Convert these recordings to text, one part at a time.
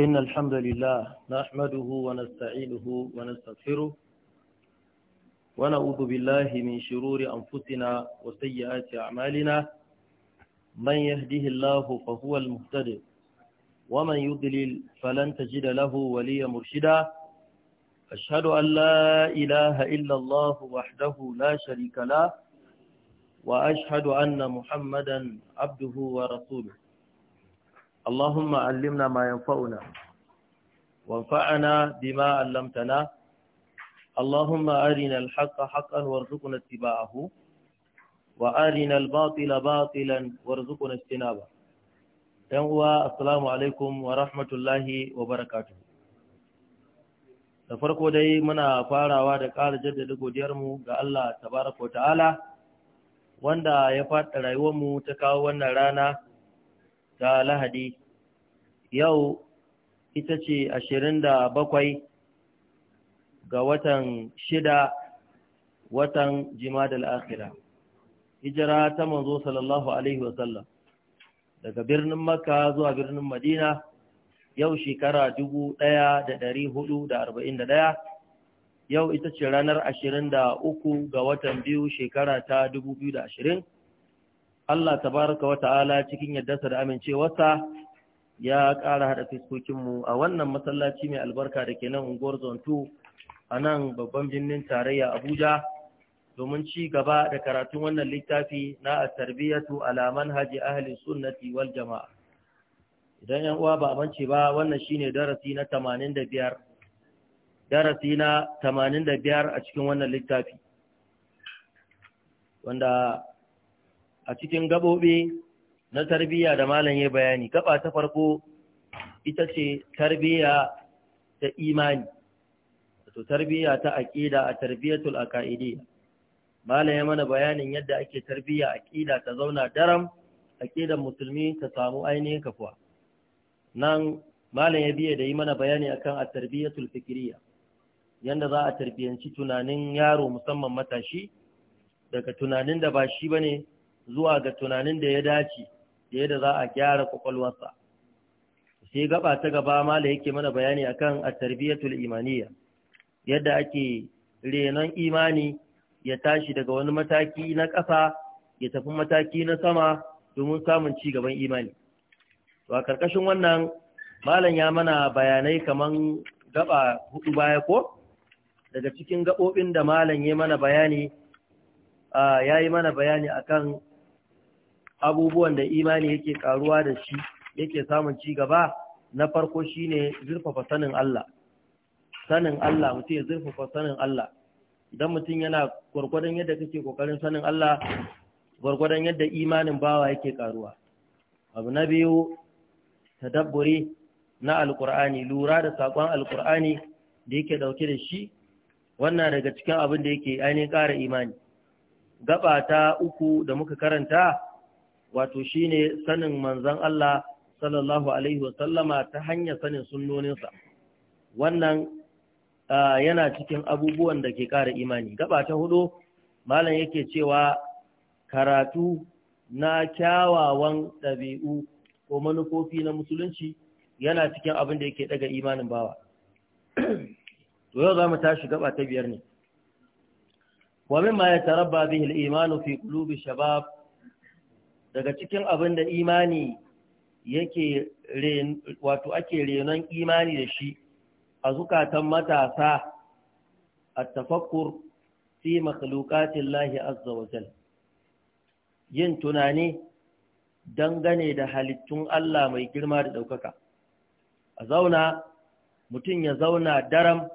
إن الحمد لله نحمده ونستعينه ونستغفره ونعوذ بالله من شرور أنفسنا وسيئات أعمالنا من يهده الله فهو المهتد ومن يضلل فلن تجد له وليا مرشدا أشهد أن لا إله إلا الله وحده لا شريك له وأشهد أن محمدا عبده ورسوله اللهم علمنا ما ينفعنا وانفعنا بما علمتنا اللهم أرنا الحق حقا وارزقنا اتباعه وأرنا الباطل باطلا وارزقنا اجتنابه uwa assalamu alaikum wa rahmatullahi wa barakatu. da farko dai muna farawa da ƙara jaddada godiyarmu ga Allah tabaraka ta'ala wanda ya faɗa rayuwarmu ta kawo wannan rana ta lahadi yau ita ce ashirin da bakwai ga watan shida watan jimadar akira hijira ta manzo sallallahu alaihi wasallam daga birnin makka zuwa birnin madina yau shekara dubu ɗaya da ɗari hudu da arba'in da ɗaya yau ita ce ranar ashirin da uku ga watan biyu shekara ta dubu biyu da ashirin Allah tabaraka wa ta'ala cikin su da amincewarsa ya ƙara haɗa fiskokinmu a wannan masallaci mai albarka da ke nan unguwar zonto a nan babban birnin tarayya Abuja domin ci gaba da karatun wannan littafi na a tarbiyatu alaman haji ahalin sunnati wal jama'a idan yan uwa ba amince ba wannan shi darasi na darasi na 85 a cikin wannan littafi wanda a cikin gaɓoɓe na tarbiyya da malam ya bayani kaɓa ta farko ita ce tarbiyya ta imani wato tarbiyya ta aƙida, a tarbiyatul aqaidi malam ya mana bayanin yadda ake tarbiyya aqida ta zauna daram aqidan musulmi ta samu ainihin kafuwa nan malam ya biya da yi mana bayani akan at-tarbiyatul fikriya yadda za a tarbiyanci tunanin yaro musamman matashi daga tunanin da ba shi bane zuwa ga tunanin da ya dace da yadda za a gyara kwakwalwarsa sai gaba ta gaba Malam yake mana bayani akan at-tarbiyatul imaniyya yadda ake renon imani ya tashi daga wani mataki na ƙasa ya tafi mataki na sama domin samun ci gaban imani to a karkashin wannan malam ya mana bayanai kaman gaba hudu baya ko daga cikin gaɓoɓin da malam ya mana bayani ya yi mana bayani akan abubuwan da imani yake karuwa da shi yake samun ci gaba na farko shine zurfafa sanin Allah sanin Allah mutum ya zurfafa sanin Allah idan mutum yana gurgurdan yadda kake kokarin sanin Allah gurgurdan yadda imanin bawa yake karuwa abu na biyu tadabburi na alkur'ani lura da sakon alkur'ani da yake dauke da shi wannan daga cikin abin da yake ainihin ƙara imani gaba ta uku da muka karanta wato shine sanin manzan Allah sallallahu alaihi wasallama ta hanyar sanin sunnoninsa wannan yana cikin abubuwan da ke ƙara imani gaba ta hudu malam yake cewa karatu na kyawawan ɗabi'u ko manufofi na musulunci yana cikin abin da yake daga imanin bawa to yau za mu tashi gaba ta biyar ne wa mimma yatarabba bihi al-imanu fi qulubi shabab daga cikin abin da imani yake wato ake renon imani da shi a zukatan matasa a tafakkur fi makhlukatin lahi azza wa jal yin tunani dangane da halittun Allah mai girma da ɗaukaka a zauna mutum ya zauna daram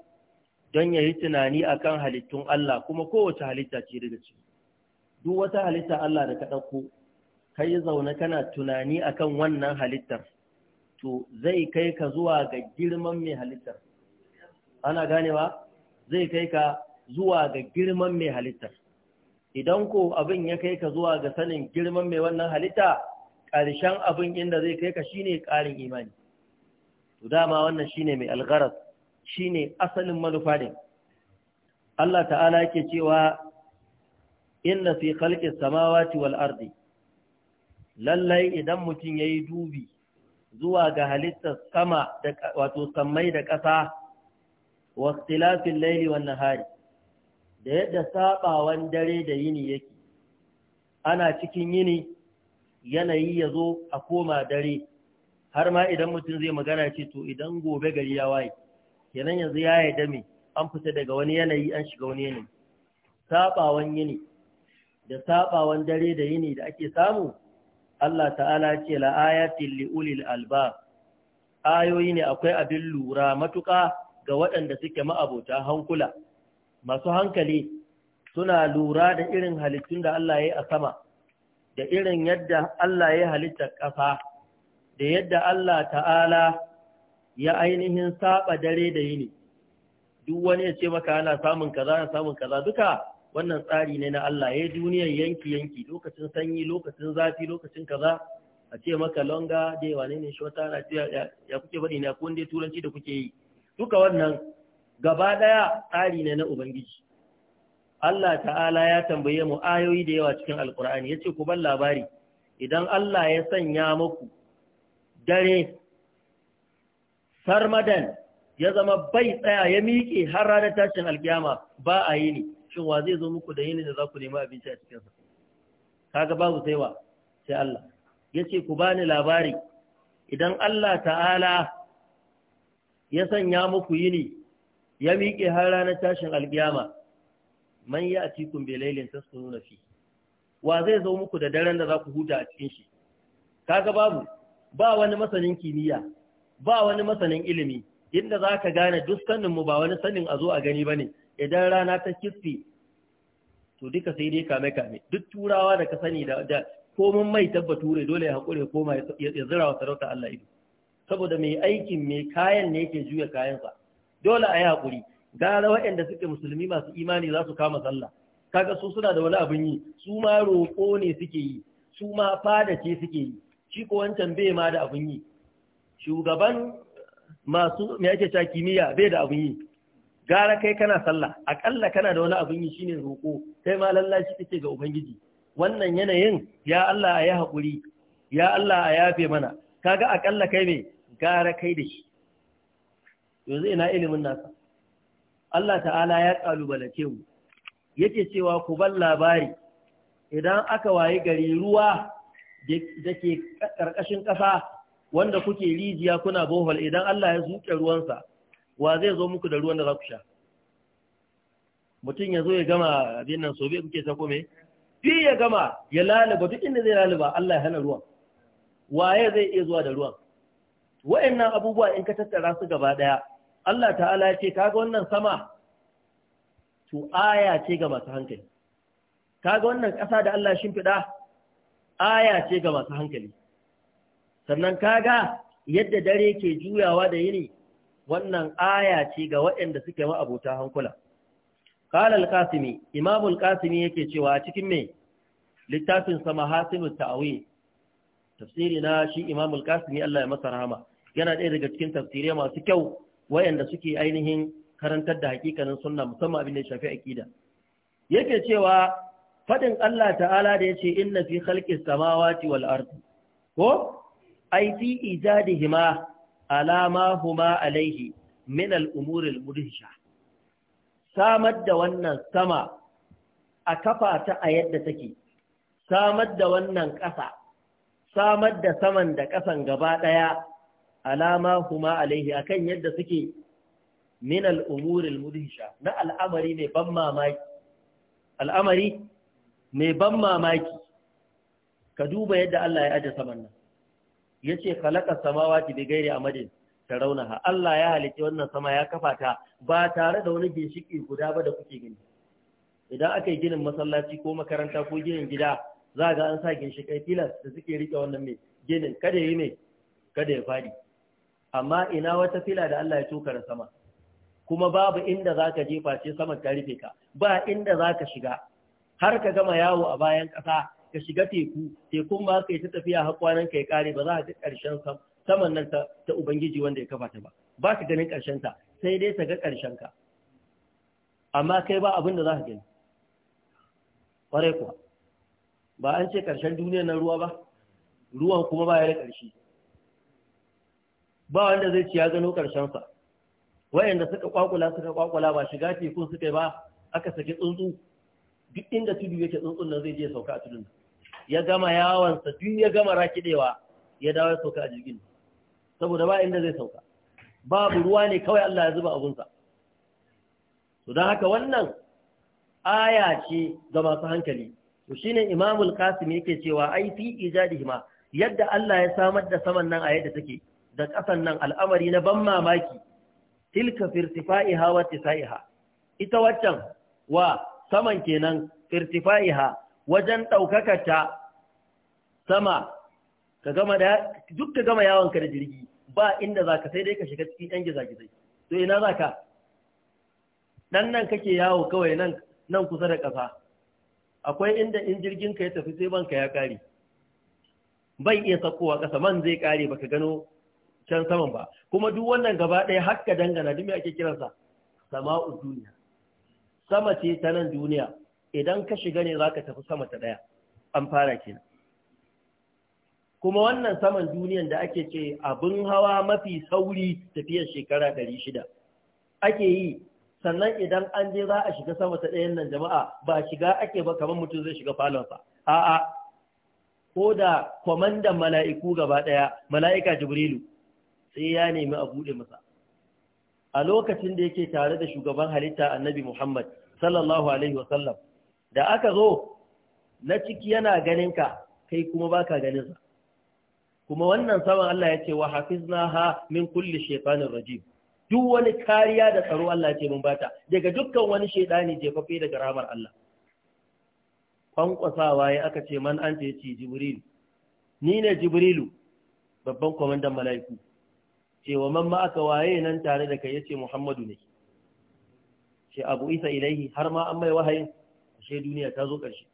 don ya yi tunani a kan halittun Allah kuma kowace halitta ce daga ciki duk wata halitta Allah da ka ɗauko kai zaune kana tunani akan wannan halittar to zai kai ka zuwa ga girman mai halittar ana ganewa zai kai ka zuwa ga girman mai halittar idan ko abin ya kai ka zuwa ga sanin girman mai wannan halitta ƙarshen abin inda zai kai ka shine ƙarin imani to dama wannan shine mai shi shine asalin manufa ne Allah ta'ala yake cewa inna fi khalqis samawati wal ardi lallai idan mutum ya yi dubi zuwa ga halittar sama da wato sammai da ƙasa wa tilafin laili wannan hari da yadda saɓawan dare da yini yake ana cikin yini yanayi ya zo a koma dare har ma idan mutum zai magana ce to idan gobe gari ya waye yanan yanzu ya yi dame an fita daga wani yanayi an shiga wani yanayi saɓawan yini da saɓawan dare da yini da ake samu Allah ta'ala ce la'ayatin li'ulil alba ayoyi ne akwai abin lura matuƙa ga waɗanda suke ma'abota hankula masu hankali suna lura da irin halittun da Allah ya yi a sama da irin yadda Allah ya halitta ƙasa da yadda Allah ta'ala ya ainihin saba dare da yini duk wani ya ce maka ana samun kaza ana samun kaza duka wannan tsari ne na Allah ya duniyar yanki yanki lokacin sanyi lokacin zafi lokacin kaza a ce maka longa dai wane ne shota na ya kuke bari na kun dai turanci da kuke yi duka wannan gaba daya tsari ne na ubangiji Allah ta'ala ya tambaye mu ayoyi da yawa cikin alkur'ani ce ku bar labari idan Allah ya sanya muku dare sarmadan ya zama bai tsaya ya miƙe har ranar tashin alkiyama ba a yi ne shin wa zai zo muku da yini da za ku nema abinci a cikinsa kaga babu saiwa, sai Allah ya ce ku bani labari idan Allah ta'ala ya sanya muku yini ya miƙe har ranar tashin alƙiyama man ya a cikin belailin ta nuna fi wa zai zo muku da daren da za ku huta a cikin shi kaga babu ba wani masanin kimiyya ba wani masanin ilimi inda za ka gane duk saninmu ba wani sanin a zo a gani ba ne idan rana ta kiffe to duka sai dai kame kame duk turawa da ka sani da komin mai tabba ture dole ya ya koma ya zira wa sarauta Allah ido saboda mai aikin mai kayan ne yake juya kayansa dole a yi haƙuri gara waɗanda suke musulmi masu imani za su kama sallah kaga su suna da wani abun yi su ma roƙo ne suke yi su ma fada ce suke yi shi ko wancan bai ma da abin yi shugaban masu mai ake ta kimiyya bai da abin yi gara kai kana sallah akalla kana da wani abin yi shine roƙo kai ma lallashi kake ga ubangiji wannan yanayin ya Allah a yi haƙuri ya Allah a yafe mana kaga akalla kai me gara kai da shi yanzu ina ilimin nasa Allah ta'ala ya kalubalace mu yake cewa ku ban labari idan aka wayi gari ruwa da ke ƙarƙashin ƙasa wanda kuke rijiya kuna bohol idan Allah ya zuke ruwansa wa zai zo muku da ruwan da za ku sha mutum ya zo ya gama abin nan sobe kuke ta kome fi ya gama ya lalaba duk inda zai lalaba Allah ya hana ruwan waye zai iya zuwa da ruwan wa'annan abubuwa in ka tattara su gaba daya Allah ta'ala ya ce kaga wannan sama to aya ce ga masu hankali kaga wannan ƙasa da Allah shimfiɗa aya ce ga masu hankali sannan kaga yadda dare ke juyawa da yini wannan aya ce ga waɗanda suke ma'abota hankula kalal kasimi imamul kasimi yake cewa a cikin mai littafin sama hasinu ta'awi tafsiri na shi imamul kasimi Allah ya masa rahama yana ɗaya daga cikin tafsirai masu kyau wayanda suke ainihin karantar da hakikanin sunna musamman abin da ya shafi akida yake cewa faɗin Allah ta'ala da ya ce inna fi khalqis samawati wal ardi ko ai fi ijadihima alama huma alaihi min al'umuril murhisha samar da wannan sama a kafa ta a yadda take samar da wannan ƙasa samar da saman da ƙasan gaba ɗaya alama huma alaihi kan yadda suke min al'umuril murhisha na al'amari mai ban mamaki al'amari mai ban mamaki ka duba yadda Allah ya aje saman nan yace khalaqa samawati bi ghairi amadin tarawnaha Allah ya halice wannan sama ya kafa ta ba tare da wani ginshiki guda ba da kuke gani idan aka yi ginin masallaci ko makaranta ko ginin gida za ga an sa ginshikai filas da suke rike wannan mai ginin kada yi mai kada ya fadi amma ina wata fila da Allah ya tuka da sama kuma babu inda za ka jefa ce saman ta rufe ka ba inda za ka shiga har ka gama yawo a bayan ƙasa ka shiga teku tekun ba ka yi ta tafiya har kwanan ka ya kare ba za ka ga ƙarshen saman nan ta ubangiji wanda ya kafa ta ba ba ka ganin ƙarshen ta sai dai ta ga karshen ka amma kai ba abin da za ka gani kwarai kuwa ba an ce ƙarshen duniya na ruwa ba ruwan kuma ba ya da ƙarshe ba wanda zai ci ya gano sa. wayanda suka kwakula suka kwakula ba shiga tekun suka ba aka saki tsuntsu duk inda tudu yake tsuntsun nan zai je sauka a tudun ya gama yawansa duk ya gama rakidewa ya dawo ya sauka a jirgin saboda ba inda zai sauka babu ruwa ne kawai Allah ya zuba abunsa to don haka wannan aya ce ga masu hankali to shine imamul qasim yake cewa ai fi ijadihima yadda Allah ya samar da saman nan a yadda take da kasan nan al'amari na ban mamaki tilka firtifa'iha wa tisa'iha ita waccan wa saman kenan irtifaiha wajen ta sama gama da duk ka gama yawon da jirgi ba inda za ka sai dai ka shiga cikin ɗan gizagizai to ina za ka ɗan nan kake yawo kawai nan kusa da ƙasa akwai inda in jirgin ka ya tafi sai banka ya ƙare bai iya sakowa ƙasa man zai ƙare ka gano can saman ba kuma duk wannan gaba ɗaya har dangana duk me ake kiransa sama'u duniya sama ce ta nan duniya idan ka shiga ne za ka tafi sama ta ɗaya an fara kenan kuma wannan saman duniyan da ake ce abin hawa mafi sauri tafiyar shekara 600 ake yi sannan idan an je za a shiga sama ta ɗayan nan jama'a ba shiga ake ba kamar mutum zai shiga falonsa a'a ko da kwamandan mala'iku gaba ɗaya mala'ika jibrilu sai ya nemi a buɗe masa a lokacin da yake tare da shugaban halitta annabi Muhammad sallallahu alaihi wasallam da aka zo na ciki yana ganin ka kai kuma baka ganin sa kuma wannan saman Allah ya ce wa hafiznaha min kulli shaytanir rajim duk wani kariya da tsaro Allah ya ce mun bata daga dukkan wani shaytani jefaffe daga ramar Allah kwankwasawa ya aka ce man anta yace Jibril ni ne Jibrilu babban kwamandan mala'iku cewa man ma aka waye nan tare da kai yace Muhammadu ne ce Abu Isa ilaihi har ma an mai wahayin ashe duniya ta zo ƙarshe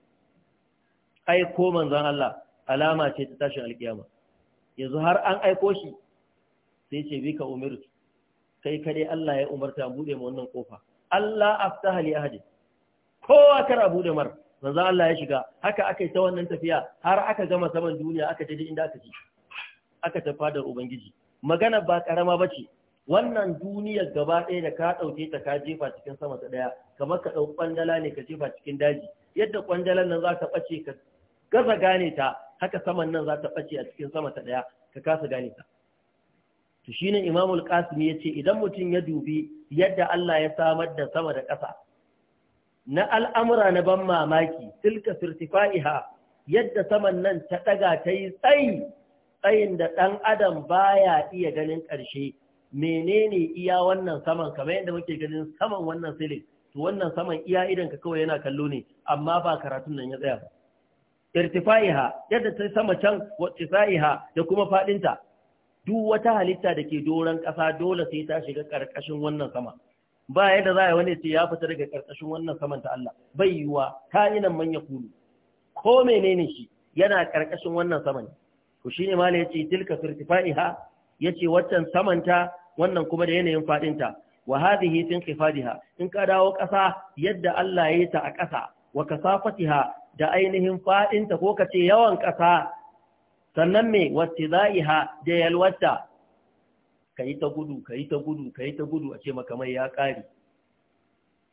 aiko manzon Allah alama ce ta tashin alkiyama yanzu har an aiko shi sai ce bi ka umirtu kai dai Allah ya umarta bude mu wannan kofa Allah aftaha li ahadi kowa kar a bude mar manzo Allah ya shiga haka akai ta wannan tafiya har aka gama saman duniya aka tafi inda aka ci aka tafi da ubangiji magana ba karama ba ce wannan duniyar gaba ɗaya da ka ɗauke ta ka jefa cikin sama ta ɗaya kamar ka ɗau ƙwandala ne ka jefa cikin daji yadda ƙwandalan nan za ta ɓace ka gaza gane ta haka saman nan za ta ɓace a cikin sama ta ɗaya ka kasa gane ta to shi ne imamul qasim ya ce idan mutum ya dubi yadda Allah ya samar da sama da ƙasa na al'amura na ban mamaki tilka sirtifa'iha yadda saman nan ta ɗaga ta yi tsayi tsayin da ɗan adam baya iya ganin ƙarshe menene iya wannan saman kamar yadda muke ganin saman wannan silin to wannan saman iya idan ka kawai yana kallo ne amma ba karatun nan ya tsaya ba irtifaiha yadda ta sama can wattifaiha da kuma fadinta duk wata halitta da ke doron ƙasa dole sai ta shiga ƙarƙashin wannan sama ba yadda za a wani ce ya fita daga ƙarƙashin wannan saman ta Allah bai yiwa ta yi nan manya kulu ko menene shi yana ƙarƙashin wannan saman ne to shine mala yace tilka firtifaiha yace waccan samanta wannan kuma da yanayin faɗinta wa hadhihi tinqifadiha in ka dawo ƙasa yadda Allah ya yi ta a ƙasa wa kasafatiha da ainihin fadinta ko kace yawan ƙasa sannan me wattizaiha da yalwata kai ta gudu kai ta gudu kai ta gudu a ce maka mai ya kare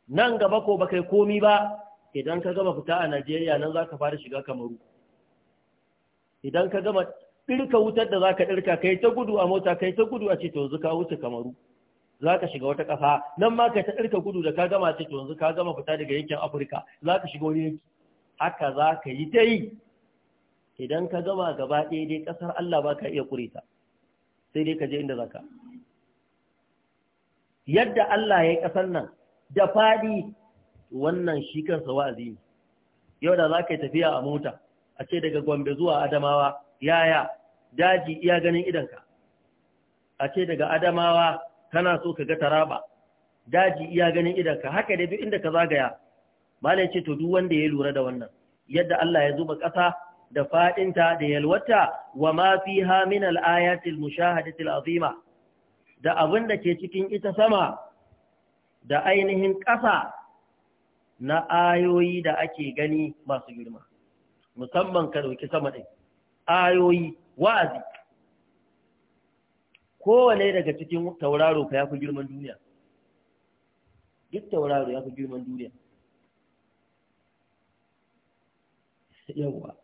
nan gaba ko bakai komi ba idan ka gama fita a Najeriya nan zaka fara shiga Kamaru idan ka gama ɗirka wutar da zaka ɗirka kai ta gudu a mota kai ta gudu a ce to yanzu ka wuce kamaru zaka shiga wata ƙasa nan ma ka ta ɗirka gudu da ka gama ce to yanzu ka gama fita daga yankin Afirka zaka shiga wani yanki haka zaka yi ta yi idan ka gama gaba ɗaya dai ƙasar Allah ba ka iya ƙure ta sai dai ka je inda zaka yadda Allah ya yi ƙasar nan da faɗi wannan shi kansa wa'azi ne yau da za ka yi tafiya a mota a ce daga Gombe zuwa Adamawa yaya daji iya ganin idanka a ce daga Adamawa kana so ka ga Taraba daji iya ganin idanka haka da duk inda ka zagaya malai ce to duk wanda ya lura da wannan yadda Allah ya zuba ƙasa da fadinta da yalwata wa ma fiha min al-ayatil mushahadatil azima da abin da ke cikin ita sama da ainihin ƙasa na ayoyi da ake gani masu girma musamman ka dauki sama ɗin ayoyi wa'azi kowane daga cikin tauraro ka ya fi girman duniya duk tauraro ya fi girman duniya yawwa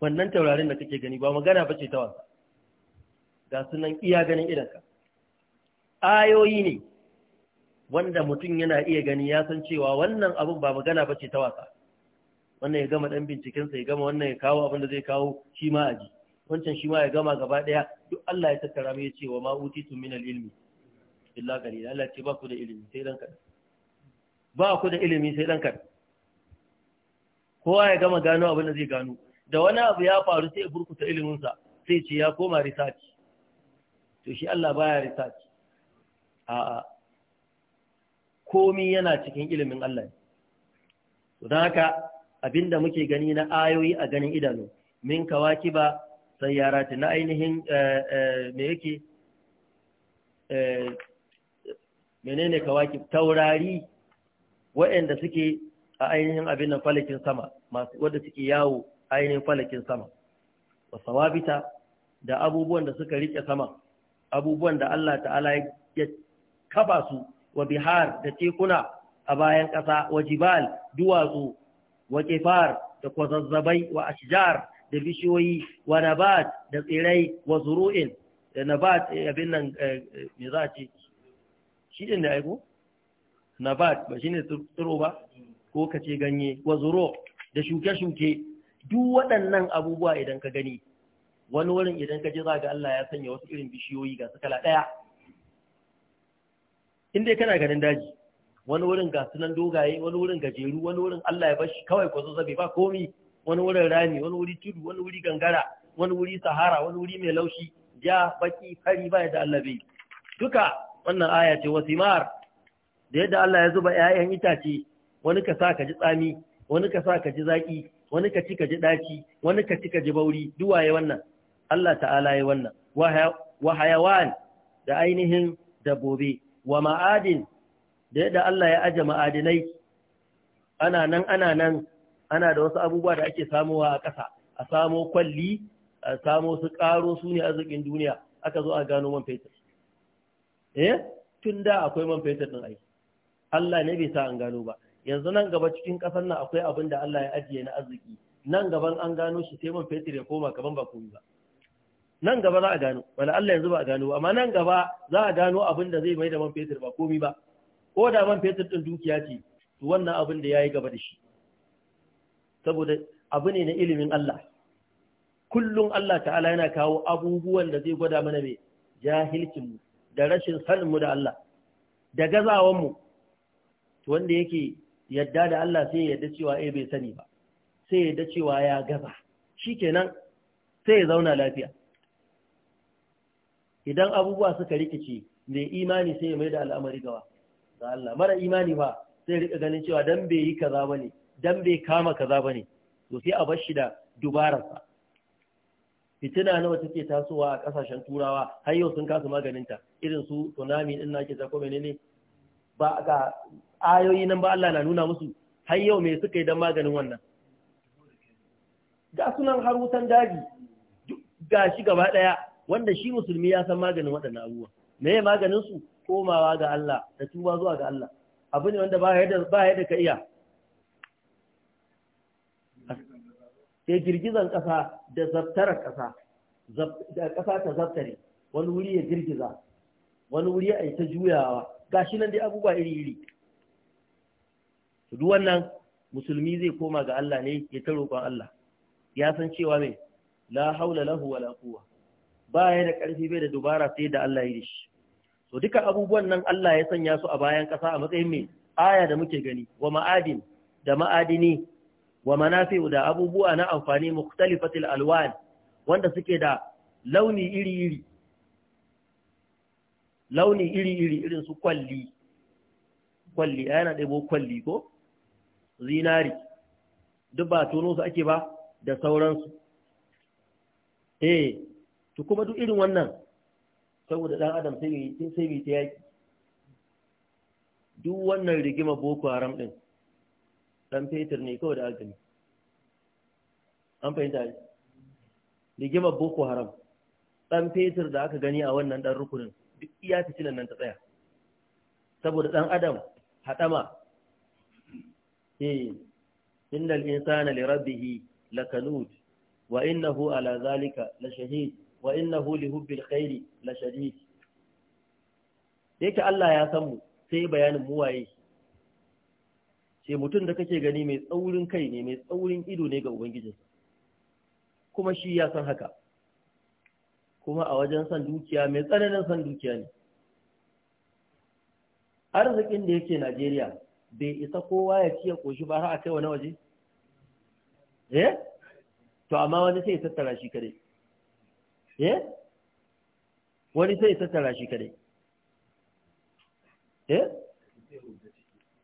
wannan taurarin da kake gani ba magana ba ce ta wasa ga sunan iya ganin idanka ayoyi ne wanda mutum yana iya gani ya san cewa wannan abin ba magana ba ce ta wasa wannan ya gama dan bincikensa ya gama wannan ya kawo abin da zai kawo shi ma aji wancan shi ma ya gama gaba daya duk Allah ya tattara mai ya ce wa ma utitu min ilmi illa qalila Allah ce ba ku da ilimi sai dan kada ba ku da ilimi sai dan kada kowa ya gama gano abin da zai gano da wani abu ya faru sai ya burkuta iliminsa sai ce ya koma research to shi Allah baya research a'a komi yana cikin ilimin Allah to don haka abinda muke gani na ayoyi a ganin idanu min kawaki ba sayyarati na ainihin eh, eh, me yake eh, menene kawaki taurari waɗanda suke a ainihin abin nan falakin sama masu wanda suke yawo ainihin falakin sama wa sawabita da abubuwan da suka rike sama abubuwan da Allah ta'ala ya kafa su wa bihar da tekuna a bayan ƙasa wa jibal duwatsu wa kifar da kwazazzabai wa ashjar da bishiyoyi wa nabat da tsirai wa zuru'in da nabat eh, abin nan eh, eh, me za a ce shi din da aiko nabat ba shine tsiro ba ko ka ce ganye wa zuru da shuke-shuke duk waɗannan abubuwa idan ka gani wani wurin idan ka je za ga Allah ya sanya wasu irin bishiyoyi ga su kala ɗaya in dai kana ganin daji wani wurin ga sunan dogaye wani wurin gajeru wani wurin Allah ya bashi kawai ko zabe ba komi wani wurin rami wani wuri tudu wani wuri gangara wani wuri sahara wani wuri mai laushi ja baki fari ba da Allah bai duka wannan aya ce wasimar da yadda Allah ya zuba 'ya'yan itace wani ka sa ka ji tsami wani ka sa ka ji zaki wani ka ci ka ji daci wani ka ci ka ji bauri ya wannan Allah ta'ala ya wannan wa hayawan da ainihin dabobe wa ma'adin da yadda Allah ya aje ma'adinai ana nan ana nan ana da wasu abubuwa da ake samowa a ƙasa a samo kwalli a samo su ƙaro su ne arzikin duniya aka zo a gano man fetur eh tun da akwai man fetur ɗin ai Allah ne bai sa an gano ba yanzu nan gaba cikin ƙasar nan akwai abin da Allah ya ajiye na arziki nan gaban an gano shi sai man fetur ya koma kaman ba komai ba nan gaba za a gano wala Allah yanzu ba a gano amma nan gaba za a gano abin da zai mai da man fetur ba komai ba ko da man fetur ɗin dukiya ce to wannan abin da ya yi gaba da shi saboda abu ne na ilimin Allah kullum Allah ta'ala yana kawo abubuwan da zai gwada mana mai mu da rashin mu da Allah da gazawanmu wanda yake yadda da Allah sai yadda cewa eh bai sani ba sai yadda cewa ya gaza shikenan sai ya zauna lafiya idan abubuwa suka rikice mai imani sai ya mai da al'amari gawa manzan Allah mara imani ba sai rika ganin cewa dan bai yi kaza bane dan bai kama kaza bane to sai a bar shi da dubararsa fitina nawa take tasowa a kasashen turawa har yau sun kasa ta irin su tsunami din na ke zako menene ba ga ayoyi nan ba Allah na nuna musu har yau me suka yi dan maganin wannan ga sunan har wutan daji ga shi gaba daya wanda shi musulmi ya san maganin waɗannan abubuwa me maganin su komawa ga Allah da tuba zuwa ga Allah abu ne wanda ba yadda ba yadda ka iya ke girgizan ƙasa da zartar ƙasa da ƙasa ta zartare, wani wuri ya girgiza wani wuri ya ta juyawa Ga shi nan dai abubuwa iri-iri duk wannan musulmi zai koma ga Allah ne ya ta roƙon Allah ya san cewa mai la haula lahu wala quwwa ba ya da ƙarfi bai da dubara sai da Allah ya yi shi to duka abubuwan nan Allah ya sanya su a bayan ƙasa a matsayin mai aya da muke gani wa ma'adin da ma'adini wa manafi da abubuwa na amfani mukhtalifatil alwan wanda suke da launi iri-iri launi iri-iri irin su kwalli kwalli yana ɗaibo kwalli ko zinari duk ba tono su ake ba da sauransu eh to kuma duk irin wannan saboda ɗan adam sai yi sai yi ta yaki duk wannan rigima boko haram ɗin ɗan fetur ne kawai da agani an fahimta ne rigima boko haram ɗan fetur da aka gani a wannan ɗan rukunin duk iya ta fitilan nan ta tsaya saboda ɗan adam haɗama eh innal insana li Lakanut, wa innahu ala zalika la shahid wa innahu li hubbil khairi la shadid yake Allah ya san mu sai bayanin mu waye Sai mutum da kake gani mai tsaurin kai ne mai tsaurin ido ne ga ubangiji kuma shi ya san haka kuma a wajen san dukiya mai tsananin san dukiya ne arzikin da yake Najeriya bai isa kowa ya ci ya koshi ba har a kai wani waje eh to amma wani sai ya tattara shi kare eh wani sai tattara shi kadai eh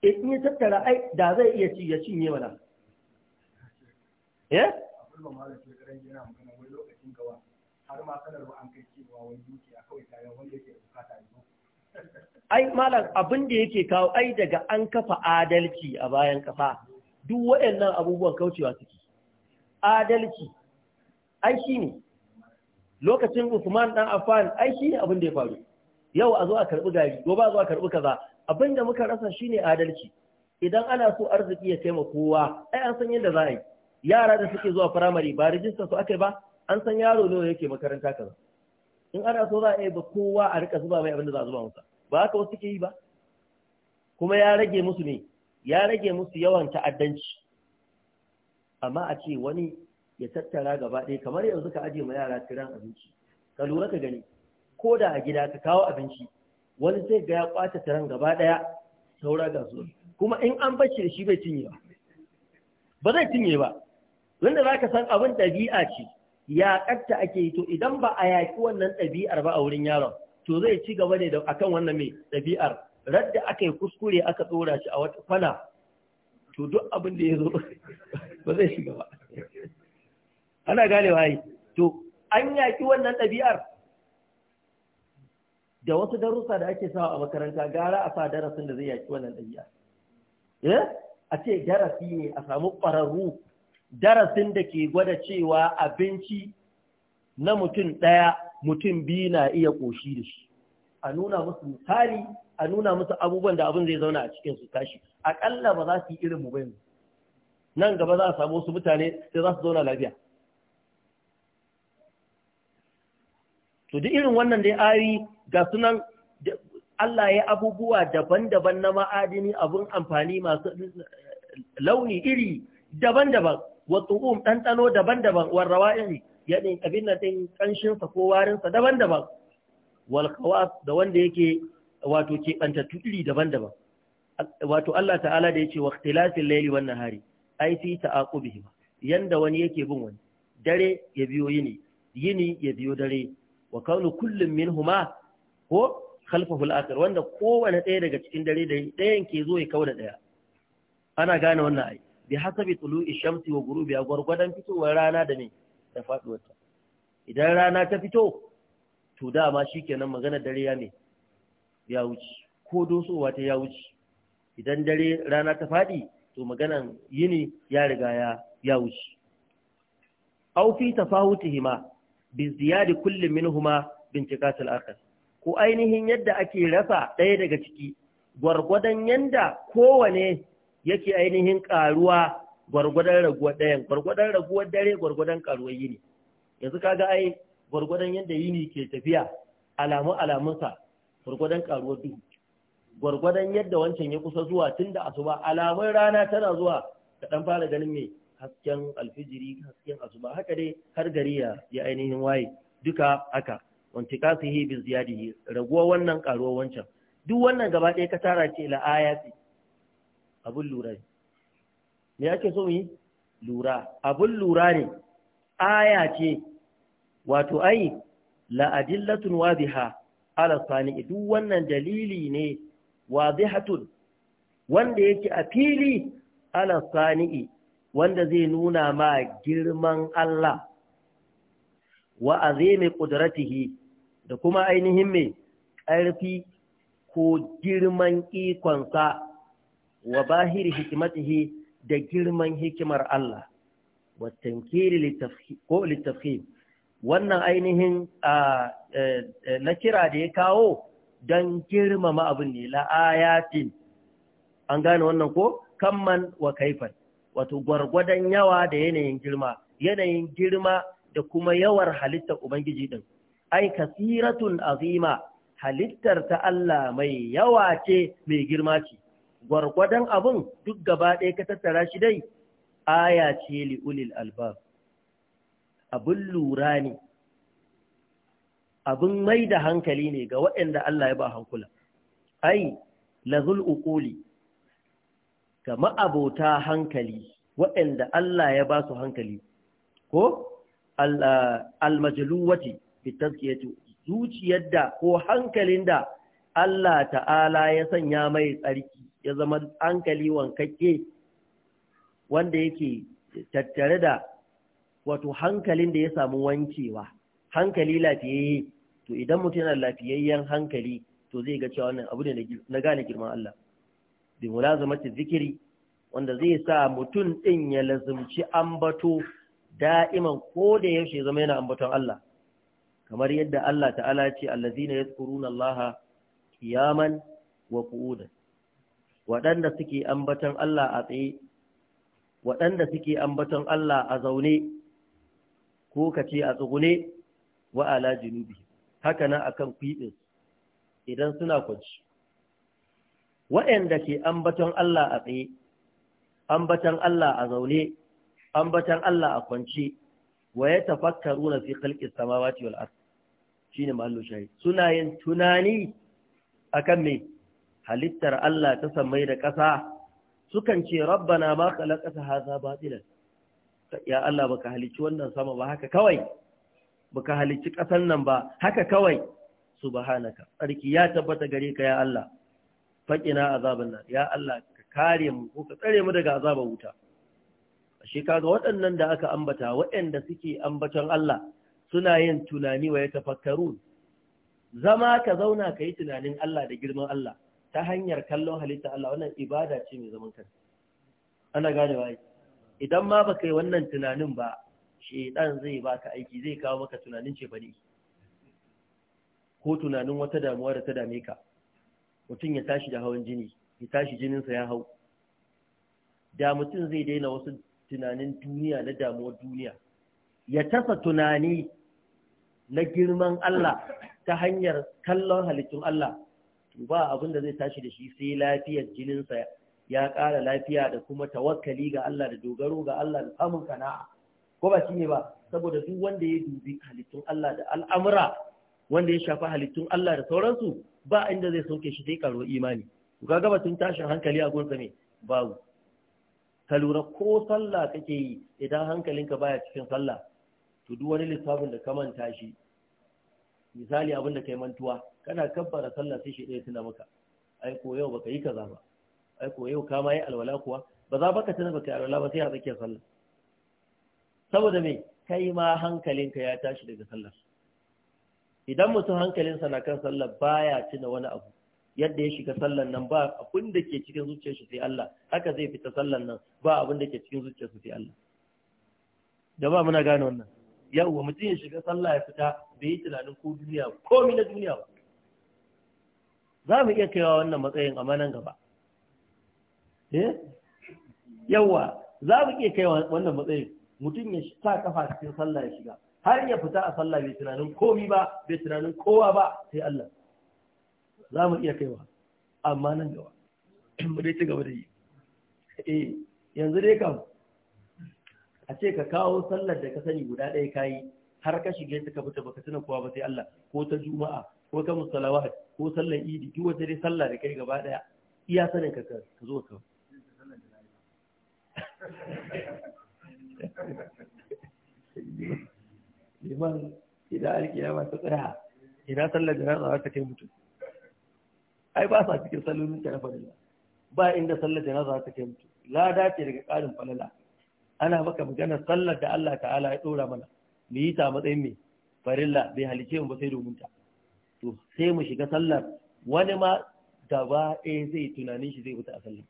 in ya tattara ai da zai iya ci ya cinye mana eh? ye ai malam abin da yake kawo ai daga an kafa adalci a bayan kafa duk waɗannan abubuwan kaucewa suke adalci ai shi ne lokacin Usman dan Affan ai shi ne abin da ya faru yau a zo a karbi gari gobe a zo a karbi kaza abin da muka rasa shine adalci idan ana so arziki ya taima kowa ai an san yadda za a yi yara da suke zuwa firamare ba rijista su aka ba an san yaro ne yake makaranta kaza in ana so za a yi ba kowa a rika zuba mai abin da za a zuba masa ba haka wasu suke yi ba kuma ya rage musu ne ya rage musu yawan ta'addanci amma a ce wani ya tattara gaba ɗaya kamar yanzu ka ajiye ma yara tiran abinci ka lura ka gani ko da a gida ka kawo abinci wani zai ga ya kwata tiran gaba ɗaya saura ga su kuma in an bacci da shi bai cinye ba ba zai cinye ba wanda za ka san abin ɗabi'a ce ya ƙarta ake yi to idan ba a yaƙi wannan ɗabi'ar ba a wurin yaron to zai ci gaba ne akan wannan mai ɗabi'ar radda aka yi kuskure aka tsora shi a wata kwana to duk abin da ya zo ba zai shiga ba ana gane waye to an yaki wannan ɗabi'ar da wasu darussa da ake sawa a makaranta gara a sa darasin da zai yaki wannan ɗabi'ar eh? a ce darasi ne a samu ƙwararru darasin da ke gwada cewa abinci na mutum ɗaya mutum biyu na iya ƙoshi da shi a nuna musu misali a nuna musu abubuwan da abin zai zauna a cikin su tashi aƙalla ba za su yi irin mu ba yanzu nan gaba za a samu wasu mutane sai za su zauna lafiya to duk irin wannan dai ayoyi ga sunan Allah ya abubuwa daban-daban na ma'adini abun amfani masu eh, launi iri daban-daban wa tsuhum ɗanɗano daban-daban wa iri ya abin na ɗin ƙanshinsa ko warinsa daban-daban wal da wanda yake wato ke ɓantattu iri daban-daban wato Allah ta'ala da ya ce wa ikhtilafin laili wannan hari ai fi ta'aqubihim yanda wani yake bin wani dare ya biyo yini yini ya biyo dare wa kaunu kullum minhuma ko khalfahu al akhir wanda kowane ɗaya daga cikin dare da ɗayan ke zo ya kauna ɗaya ana gane wannan ai bi hasabi tulu'i shamsi wa ya gwargwadon fitowar rana da me da faduwar ta idan rana ta fito to dama shikenan magana dare ya ne ya wuce ko dosowa ta ya wuce idan dare rana ta faɗi to maganan yini ya riga ya ya wuce au fi tafawutihima bi ziyadi kullum minhuma bincikatul akhar ko ainihin yadda ake rasa ɗaya daga ciki gwargwadon yanda kowane yake ainihin karuwa gwargwadon raguwar ɗayan gwargwadon raguwar dare gwargwadon karuwar yini yanzu kaga ai gwargwadon yanda yini ke tafiya alamu alamunsa gwargwadon karuwar duhu gwargwadon yadda wancan ya kusa zuwa tun da asuba alamun rana tana zuwa ka dan fara ganin me hasken alfijiri hasken asuba haka dai har gari ya ainihin waye duka haka wanti kasihi bi ziyadihi raguwa wannan karuwa wancan duk wannan gaba ɗaya ka tara ce la ayati abun lura ne me yake so yi lura abun lura ne aya ce wato ai la adillatun wadiha ala sani duk wannan dalili ne wadihatun wanda yake a fili ala sani'i wanda zai nuna ma girman Allah wa azimi qudratihi da kuma ainihin mai ƙarfi ko girman ikonsa wa bahiri hikimatihi da girman hikimar Allah wa tankiri ko littafhim wannan ainihin e, e, na kira da ya kawo don girmama abin ne la'ayatin an gane wannan ko kamman wa kaifan wato gwargwadon yawa da yanayin girma yanayin girma da kuma yawar halittar ubangiji din ai kasiratun azima halittar ta Allah mai yawa ce mai girma ce gwargwadon abun duk gaba ɗaya ka tattara shi dai aya ce li ulil albab abin lura ne abin mai da hankali ne ga waɗanda Allah ya ba hankula ai lazul uquli ga ma'abota hankali waɗanda Allah ya ba su hankali ko uh, almajaluwati fi tazkiyati zuciyar da ko hankalin da Allah ta'ala ya sanya mai tsarki ya zama hankali wankakke wanda yake tattare da wato hankalin da ya samu wankewa hankali lafiyayye to idan mutum yana lafiyayyen hankali to zai ga cewa wannan abu ne na gane girman Allah bi mulazamati zikiri wanda zai sa mutum ɗin ya lazumci ambato da'iman ko da yaushe zama yana ambaton Allah kamar yadda Allah ta'ala ce allazina yadhkuruna Allah qiyaman wa qu'udan waɗanda suke ambaton Allah a tsaye waɗanda suke ambaton Allah a zaune ko kace a tsugune wa ala junubi haka nan akan kwibin idan suna kwanci waɗanda ke ambaton Allah a tsaye ambaton Allah a zaune ambaton Allah a kwance wa ya tafakkaru na fi khalqis samawati wal Shi ne mahallu shayi suna yin tunani A kan me halittar Allah ta samai da ƙasa sukan ce rabbana ma haza hadha batilan ya Allah ba ka halicci wannan sama ba haka kawai ba ka halicci ƙasan nan ba haka kawai subhanaka Tsarki ya tabbata gare ka ya Allah faƙina azabin nan ya Allah ka kare mu ko ka tsare mu daga azabar wuta ashe kaga waɗannan da aka ambata waɗanda suke ambaton Allah suna yin tunani wa ya tafakkaru. zama ka zauna ka yi tunanin Allah da girman Allah ta hanyar kallon halitta Allah wannan ibada ce mai zaman kanta ana gane wai idan ma baka yi wannan tunanin ba shedan zai baka aiki zai kawo maka tunanin ce bane ko tunanin wata damuwa da ta dame ka mutum ya tashi da hawan jini ya tashi jininsa ya hau da mutum zai daina wasu tunanin duniya na damuwar duniya ya tasa tunani na girman Allah ta hanyar kallon halittun Allah ba abin da zai tashi da shi sai lafiyar jininsa ya ƙara lafiya da kuma tawakkali ga Allah da dogaro ga Allah da samun kana'a ko ba shi ne ba saboda duk wanda ya dubi halittun Allah da al'amura wanda ya shafi halittun Allah da sauransu ba inda zai sauke shi sai karo imani ka gaba tun tashin hankali a gunsa ne babu ka lura ko sallah kake yi idan hankalinka baya cikin sallah to duk wani lissafin da ka manta shi misali abin da kai mantuwa kana kabbara sallah sai shi ɗaya tuna maka ai ko yau baka yi kaza ba ai ko yau ka ma yi alwala kuwa ba za baka tuna baka yi alwala ba sai a tsakiyar sallah saboda me kai ma hankalinka ya tashi daga sallah idan mutum hankalinsa na kan sallar baya tuna wani abu yadda ya shiga sallar nan ba abin da ke cikin zuciyar shi sai Allah haka zai fita sallar nan ba abin da ke cikin zuciyar shi sai Allah da ba muna gane wannan yawwa mutum ya shiga sallah ya fita bai yi tunanin ko duniya ko mi na duniya ba za mu iya kaiwa wannan matsayin a manan gaba eh yawwa za mu iya kaiwa wannan matsayin mutum ya sa kafa cikin sallah ya shiga har ya fita a sallah bai tunanin komi ba bai tunanin kowa ba sai Allah za mu iya kaiwa amma nan gaba mu dai ci gaba da yi eh yanzu dai kam a ce ka kawo sallar da ka sani guda ɗaya kayi har ka shige ta ka fita baka tuna kowa ba sai Allah ko ta juma'a ko ta musalawat ko sallar idi duk wata dai sallah da kai gaba ɗaya iya sanin ka ka zo ka Thank you. liman idan alkiyama ta tsaya ina sallar janaza za ta kai mutum ai ba sa cikin sallolin ta na falala ba inda sallar janaza za ta kai mutum lada ce daga ƙarin falala ana maka magana sallar da Allah ta'ala ya ɗora mana mu yi ta matsayin mai farilla bai halice mu ba sai domin ta to sai mu shiga sallar wani ma gaba ɗaya zai tunanin shi zai wuta a sallar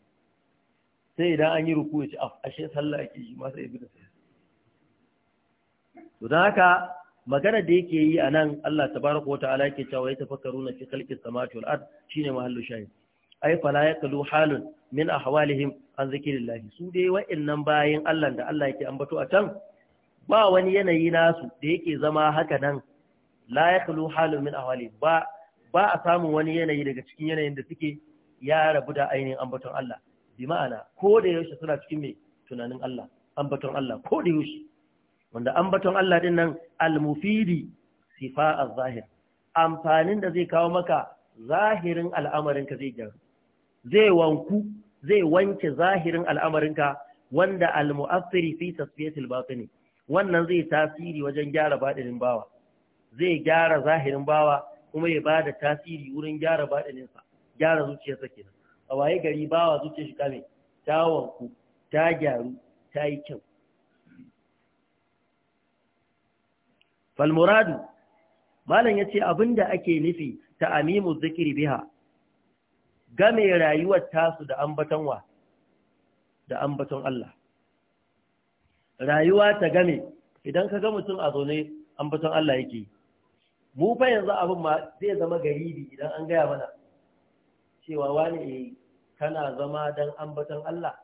sai idan an yi ruku ya a ashe sallar ake shi ma sai ya bi da sallar to dan haka maganar da yake yi a nan Allah tabaraka wata'ala yake cewa ya tafakkaru na fi kalki samawati wal ard shine mahallu shayi ay fala yaqulu halun min ahwalihim an zikrillah su dai wa'annan bayan Allah da Allah yake ambato a can ba wani yanayi nasu da yake zama haka nan la yaqulu halun min ahwalihim ba ba a samun wani yanayi daga cikin yanayin da suke ya rabu da ainihin ambaton Allah bi ma'ana ko da yaushe suna cikin mai tunanin Allah ambaton Allah ko da yaushe wanda an ambaton Allah din nan al-mufidi sifa al zahir amfanin da zai kawo maka zahirin al'amarinka zai gyaru zai wanku zai wanke zahirin al'amarinka wanda al-mu'assiri fi tasfiyatil batini wannan zai tasiri wajen gyara badinin bawa zai gyara zahirin bawa kuma ya bada tasiri wurin gyara sa gyara zuciyarsa kenan a waye gari bawa zuciyar shi kame ta wanku ta gyaru ta yi kyau falmuradu malam ya ce abinda ake nufi ta amimu zikiri biha game rayuwar tasu da ambatonwa da ambaton Allah rayuwa ta game idan ka ga mutum a zaune ambaton Allah yake mu fa yanzu abin ma zai zama garibi idan an gaya mana cewa wani eh, kana zama dan ambaton Allah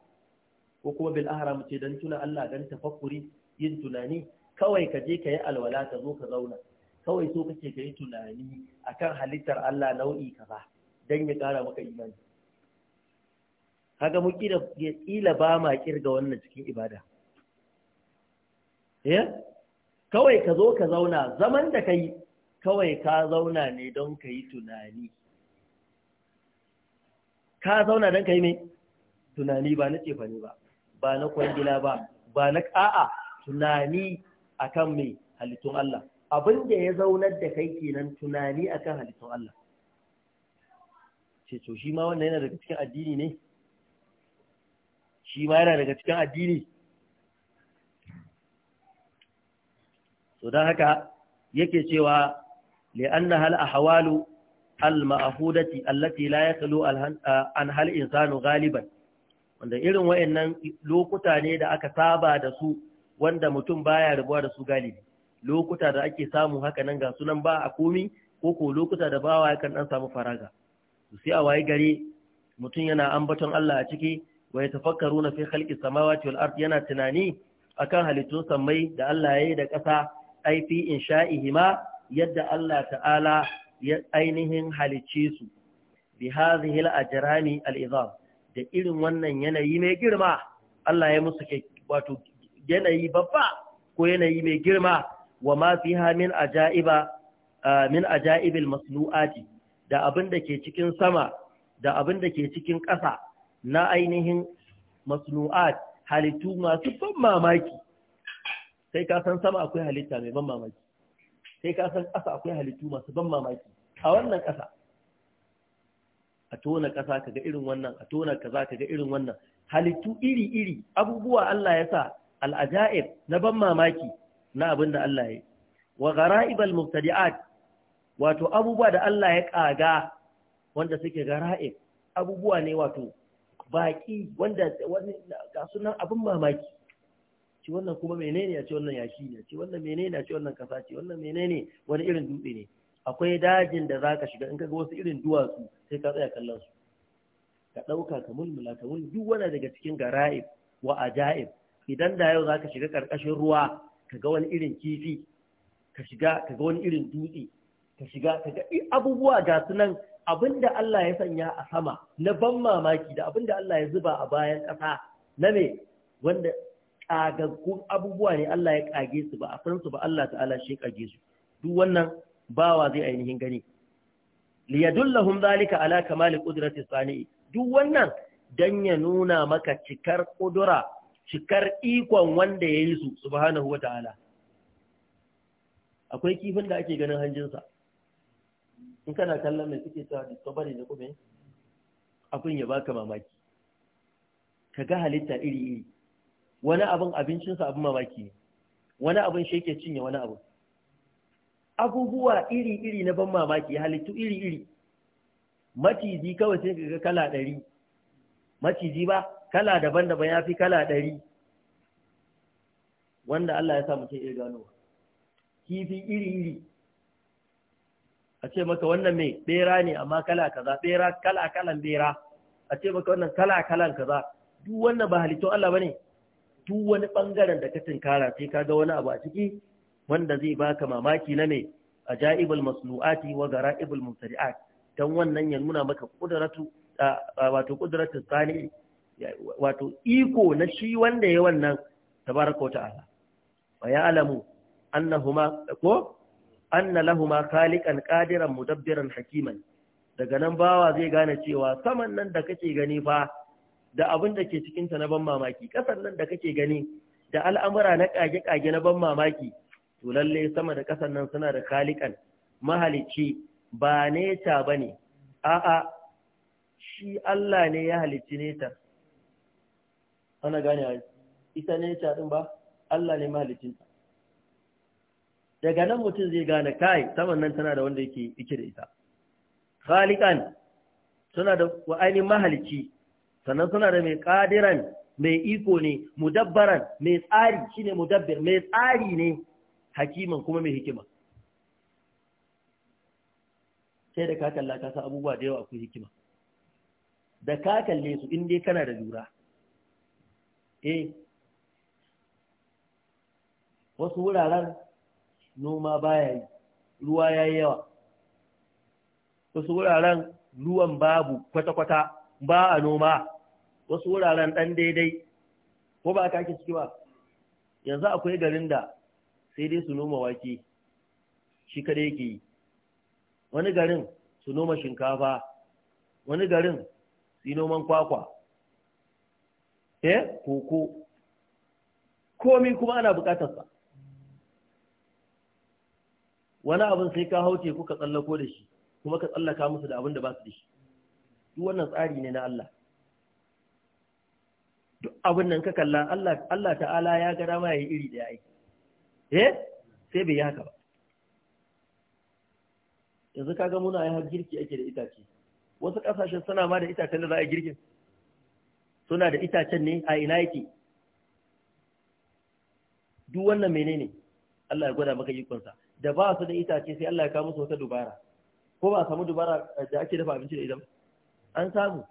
ko kuma bil ahram ce dan tuna Allah dan tafakkuri yin tunani kawai ka je ka yi alwala ka zo ka zauna kawai so kake ka yi tunani akan halittar Allah nau'i ka ba, don ya ƙara maka imani kaga mu kila ba ma kirga wannan cikin ibada eh kawai ka zo ka zauna zaman da kai kawai ka zauna ne don ka yi tunani ka zauna don ka yi mai tunani ba na cefa ba ba na kwangila ba ba na a'a tunani akan mai halittun Allah abin da ya zaunar da kai kenan tunani akan halittun Allah ce to shi ma wannan yana daga cikin addini ne shi ma yana daga cikin addini to don haka yake cewa li'anna hal ahwalu al-ma'hudati allati la yaqulu an hal insanu ghaliban wanda irin wayannan lokuta ne da aka saba da su wanda mutum baya rabuwa da su galibi lokuta da ake samu haka nan ga sunan ba a komi ko ko lokuta da bawa yakan dan samu faraga sai a waye gare mutum yana ambaton Allah a ciki wa yatafakkaruna fi khalqi samawati wal ard yana tunani akan halittun sammai da Allah ya yi da ƙasa ai fi insha'ihima yadda Allah ta'ala ya ainihin halicce su bi hadhihi al ajrami al da irin wannan yanayi mai girma Allah ya musu wato yanayi babba ko yanayi mai girma wa ma fiha min ajaiba min ajaibil masnu'ati da abin da ke cikin sama da abin da ke cikin ƙasa na ainihin masnu'at halittu masu ban mamaki sai ka san sama akwai halitta mai ban mamaki sai ka san ƙasa akwai halittu masu ban mamaki a wannan ƙasa a tona ƙasa ka ga irin wannan a tona kaza ka ga irin wannan halittu iri-iri abubuwa Allah ya sa al'aja'ib na ban mamaki na abin da Allah ya wa gara'ibal mubtadi'at wato abubuwa da Allah ya kaga wanda suke gara'ib abubuwa ne wato baki wanda ga sunan abin mamaki ci wannan kuma menene ya ce wannan yashi ne ci wannan menene ya ce wannan kasa ce wannan menene wani irin dutse ne akwai dajin da za ka shiga in kaga wasu irin duwatsu sai ka tsaya kallon su ka ɗauka ka mulmula ka mulmula duk wani daga cikin gara'ib wa ajaib idan da yau za ka shiga ƙarƙashin ruwa ka ga wani irin kifi ka shiga ka ga wani irin dutse ka shiga ka kaga abubuwa ga su nan da Allah ya sanya a sama na ban mamaki da da Allah ya zuba a bayan ƙasa na me wanda ƙagaggun abubuwa ne Allah ya ƙage su ba a san su ba Allah ta'ala shi ƙage su duk wannan bawa zai ainihin gani liyadullahum zalika ala kamali qudratis sani duk wannan dan ya nuna maka cikar kudura cikar ikon wanda ya yi su subhanahu wa ta'ala akwai kifin da ake ganin hanjinsa in kana kallon mai suke cewa discovery da kuma abin ya baka mamaki ka ga halitta iri-iri wani abin abincinsa abin mamaki ne wani abin shi cinye wani abin abubuwa iri-iri na ban mamaki halittu iri-iri maciji kawai sai ga kala ɗari maciji ba kala daban-daban ya fi kala ɗari wanda Allah ya sa mutum iri gano kifi iri-iri a ce maka wannan mai ɓera ne amma kala kaza ɓera kala kalan ɓera. a ce maka wannan kala kalan kaza duk wannan ba halittun Allah ba ne. duk wani ɓangaren da ka kara sai ka ga wani abu a ciki wanda zai baka mamaki na a ja'ibul masnuati wa garaibul mumtari'at Don wannan ya nuna maka qudratu wato qudratu tsani wato iko na shi wanda ya wannan tabaraka wa ta'ala wa alamu, annahuma ko anna lahumu khaliqan qadiran mudabbiran hakiman daga nan bawa zai gane cewa saman nan da kake gani fa da abin da ke cikin ta na ban mamaki kasan nan da kake gani da al'amura na kage kage na ban mamaki to lalle sama da kasan nan suna da khaliqan mahalici ba ta bane a'a shi Allah ne ya halicci ta ana gane a ita ne ya caɗin ba Allah ne mahalicinta daga nan mutum zai gane kai saman nan tana da wanda yake ike da ita khalikan suna da wa'ani mahalici sannan suna da mai ƙadiran mai iko ne mudabbaran mai tsari shine mudabbir mai tsari ne hakiman kuma mai hikima sai da ka kalla ka abubuwa da yawa akwai hikima da ka kalle su in dai kana da lura eh wasu wuraren noma baya yi ruwa ya yi yawa wasu wuraren ruwan babu kwata-kwata ba a noma wasu wuraren ɗan daidai ko ba ka ake ciki ba yanzu akwai garin da sai dai su noma wake shi kada yake yi wani garin su noma shinkafa wani garin su yi noman kwakwa eh koko komi kuma ana bukatar sa wani abin sai ka haute kuka tsallako da shi kuma ka tsallaka musu da abin da ba su da shi duk wannan tsari ne na Allah duk abin nan ka kalla Allah Allah ta'ala ya ga dama yayi iri da yayi eh sai bai haka ba yanzu kaga muna ai har girki ake da itace wasu kasashen suna ma da itacen da za a girkin suna da itacen ne a ina yake duk wannan menene Allah ya gwada maka ikonsa da ba su da itace sai Allah ya kawo musu wata dubara ko ba samu dubara da ake dafa abinci da idan an samu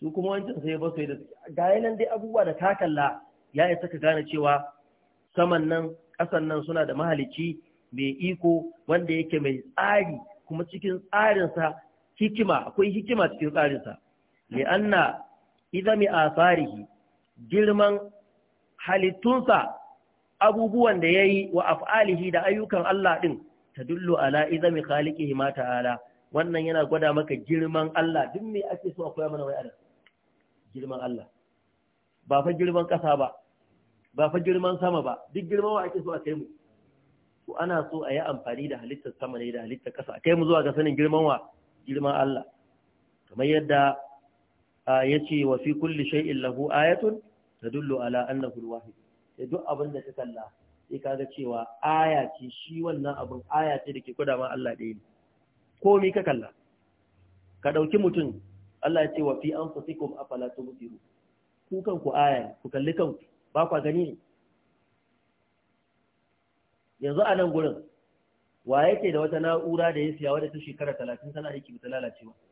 su kuma wancan sai ba su da ga nan dai abubuwa da takalla ya yi saka gane cewa saman nan ƙasan nan suna da mahalici mai iko wanda yake mai tsari kuma cikin tsarinsa hikima akwai hikima cikin tsarinsa li'anna izami asarihi girman halittunsa abubuwan da ya yi wa af'alihi da ayyukan Allah ɗin ta dullo ala izami khaliqihi ma ta'ala wannan yana gwada maka girman Allah duk me ake so akwai mana wai adam girman Allah ba fa girman ƙasa ba ba fa girman sama ba duk girman wa ake so a kai mu to ana so a yi amfani da halittar sama ne da halittar ƙasa a kai mu zuwa ga sanin girman wa girman Allah kamar yadda ce, wa fi kulli shay'in lahu ayatun tadullu ala annahu alwahid duk abin da ka kalla sai kaga cewa aya ce shi wannan abin aya ce dake gwada ma Allah ɗaya ne mi ka kalla ka dauki mutum Allah ya ce wa fi anfusikum afala tubsiru ku kanku aya ku kalli kanku ba kwa gani ne yanzu a nan gurin wa yake da wata na'ura da ya siya wadda ta shekara talatin tana aiki ba ta lalacewa? ba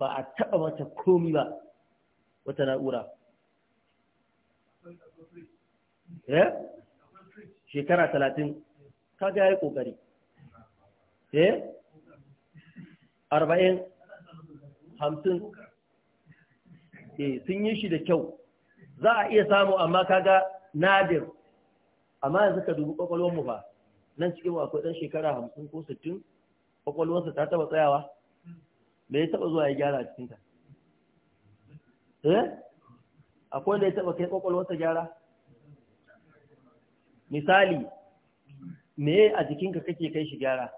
ba a taɓa mata komi ba wata na'ura ya eh? shekara talatin kaga ya yi ƙoƙari ya eh? arba'in hamsin ya eh, sun yi shi da kyau za a iya samu amma kaga nadir amma yanzu ka dubi mu ba nan cikin akwai ɗan shekara hamsin ko sittin kwakwalwarsa ta taɓa tsayawa me ya taba zuwa ya gyara a cikin ta eh akwai wanda ya taba kai kwakwalwarsa gyara misali me a jikinka kake kai shi gyara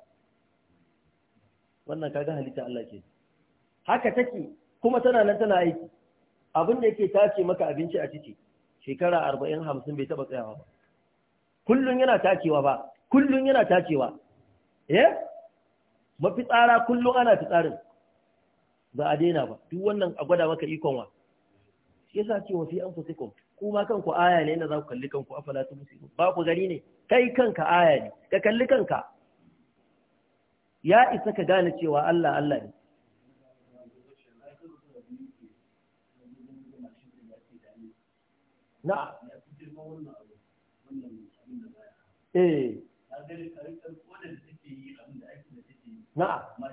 wannan kaga halitta Allah ke haka take kuma tana nan tana aiki abin da yake tace maka abinci a ciki shekara arba'in hamsin bai taɓa tsayawa ba kullum yana tacewa ba kullum yana tacewa eh tsara kullum ana tsarin. ba a daina ba duk wannan a gwada maka ikon wa shi yasa ce wa fi ku kuma kanku aya ne inda za ku kalli kanku afala tubsirun ba ku gari ne kai kanka aya ne ka kalli kanka ya isa ka gane cewa Allah Allah ne na'am eh na'am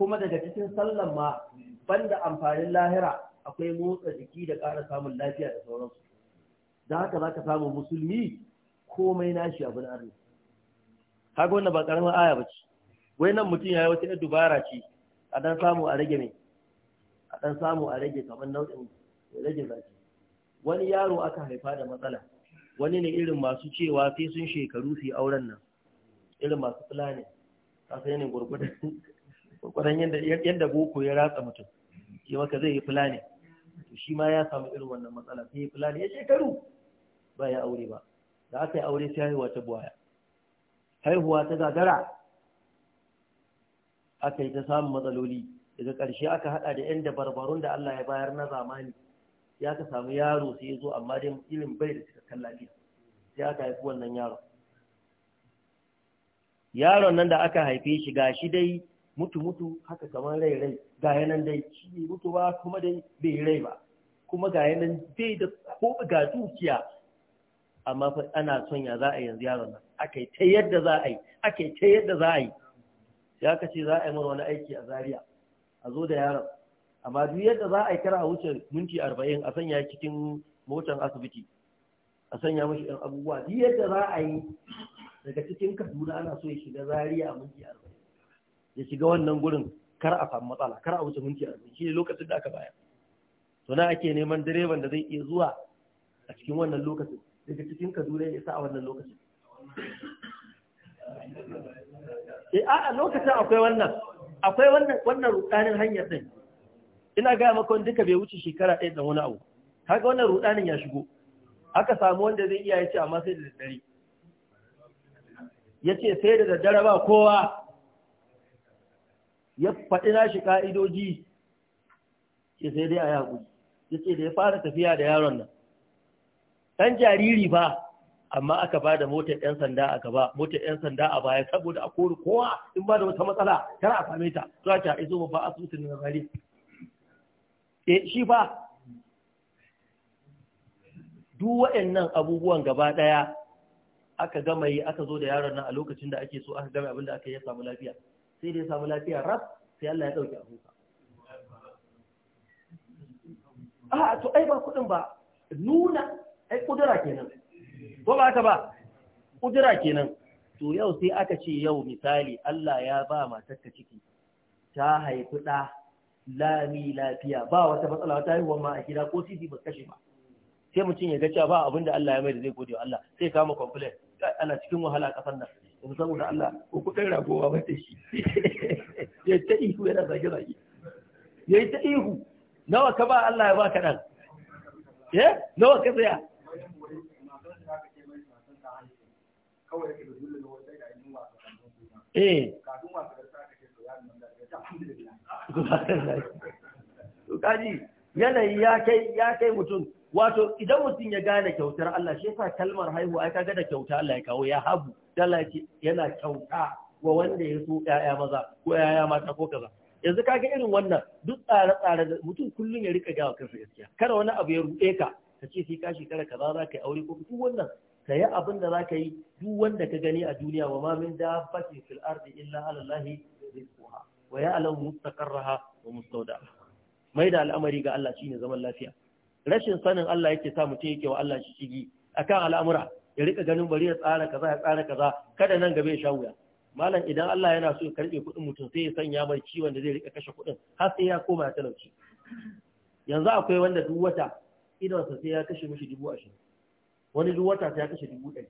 kuma daga cikin sallan ma banda amfanin lahira akwai motsa jiki da ƙara samun lafiya da sauransu da haka za ka samu musulmi komai nashi abin arziki kaga wannan ba karamin aya ba ce wai nan mutum ya yi wata dubara ce a dan samu a rage mai a dan samu a rage kamar nau'in rage zaki wani yaro aka haifa da matsala wani ne irin masu cewa sai sun shekaru su yi auren nan irin masu fulani ka sai ne gurgurdan kwaran yadda boko ya ratsa mutum shi maka zai yi fulani to shi ma ya samu irin wannan matsala sai yi fulani ya shekaru ba ya aure ba da aka yi aure sai haihuwa ta buwaya haihuwa ta gagara aka yi ta samun matsaloli daga ƙarshe aka haɗa da 'yan dabarbarun da Allah ya bayar na zamani ya ka samu yaro sai ya zo amma dai ilimin bai da cikakken lafiya sai aka haifi wannan yaron. yaron nan da aka haife shi ga shi dai mutu mutu haka kamar rai rai ga nan dai shi bai mutu ba kuma dai bai rai ba kuma ga nan dai da ko ga dukiya amma fa ana son ya za a yanzu yaron nan akai ta yadda za a yi akai ta yadda za a yi ya ka ce za a yi mana wani aiki a Zariya a zo da yaron amma duk yadda za a yi kar a wuce minti arba'in a sanya cikin motan asibiti a sanya mashi yan abubuwa duk yadda za a yi daga cikin kaduna ana so ya shiga Zariya a minti arba'in ya shiga wannan gurin kar a samu matsala kar a wuce minti arba'in shi ne lokacin da aka baya. to na ake neman direban da zai iya zuwa a cikin wannan lokacin daga cikin kaduna ya isa a wannan lokacin eh a lokacin akwai wannan akwai wannan wannan rudanin hanyar din ina ga maka wanda duka bai wuce shekara ɗaya da wani abu kaga wannan rudanin ya shigo aka samu wanda zai iya yace amma sai da daddare yace sai da daddare ba kowa ya faɗi nashi ka'idoji ke sai dai a yaƙuri ya ce da ya fara tafiya da yaron nan ɗan jariri ba amma aka ba da motar 'yan sanda a gaba motar 'yan sanda a baya saboda a kori kowa in ba da wata matsala kara a same ta zuwa ta iso a asibitin na zari e shi ba duk waɗannan abubuwan gaba ɗaya aka gama yi aka zo da yaron nan a lokacin da ake so aka gama abin da aka yi ya samu lafiya sai dai ya samu lafiyar ras sai Allah ya dauke ka ah to ai ba kudin ba nuna ai kudura kenan ko ba ka ba kudura kenan to yau sai aka ce yau misali Allah ya ba matarka ciki ta haifi ɗa lami lafiya ba wata matsala wata yi ma a gida ko sisi ba kashe ba sai mutum ya ga cewa ba abin da Allah ya mai da zai gode wa Allah sai kama complain ana cikin wahala kasar nan ba saboda Allah ko kuɗin ragowa wata shi ya ta ihu yana zage zage ya ta ihu nawa ka ba Allah ya ba ka nan ya nawa ka tsaya eh kaji yanayi ya kai mutum wato idan mutum ya gane kyautar Allah shi yasa kalmar haihuwa ai kaga da kyauta Allah ya kawo ya habu dala ce yana kyauta wa wanda ya so yaya maza ko ƴaƴa mata ko kaza yanzu kaga irin wannan duk tsare-tsare da mutum kullum ya rika gawa kansa gaskiya kada wani abu ya ruɗe ka ka ce sai ka shekara kaza za ka yi aure ko duk wannan ka yi abin da za ka yi duk wanda ka gani a duniya wa ma min dabbati fil ardi illa ala allahi rizquha wa ya'lamu mustaqarraha wa mustawda'aha mai da al'amari ga Allah shine zaman lafiya rashin sanin Allah yake sa mutum yake wa Allah shi shigi akan al'amura ya rika ganin bari ya tsara kaza ya tsara kaza kada nan gaba ya sha wuya malam idan Allah yana so ya karbe kuɗin mutum sai ya sanya mai ciwon da zai rika kashe kuɗin har sai ya koma ya talauci yanzu akwai wanda duk wata idonsa sai ya kashe mishi dubu ashirin wani duk wata sai ya kashe dubu ɗari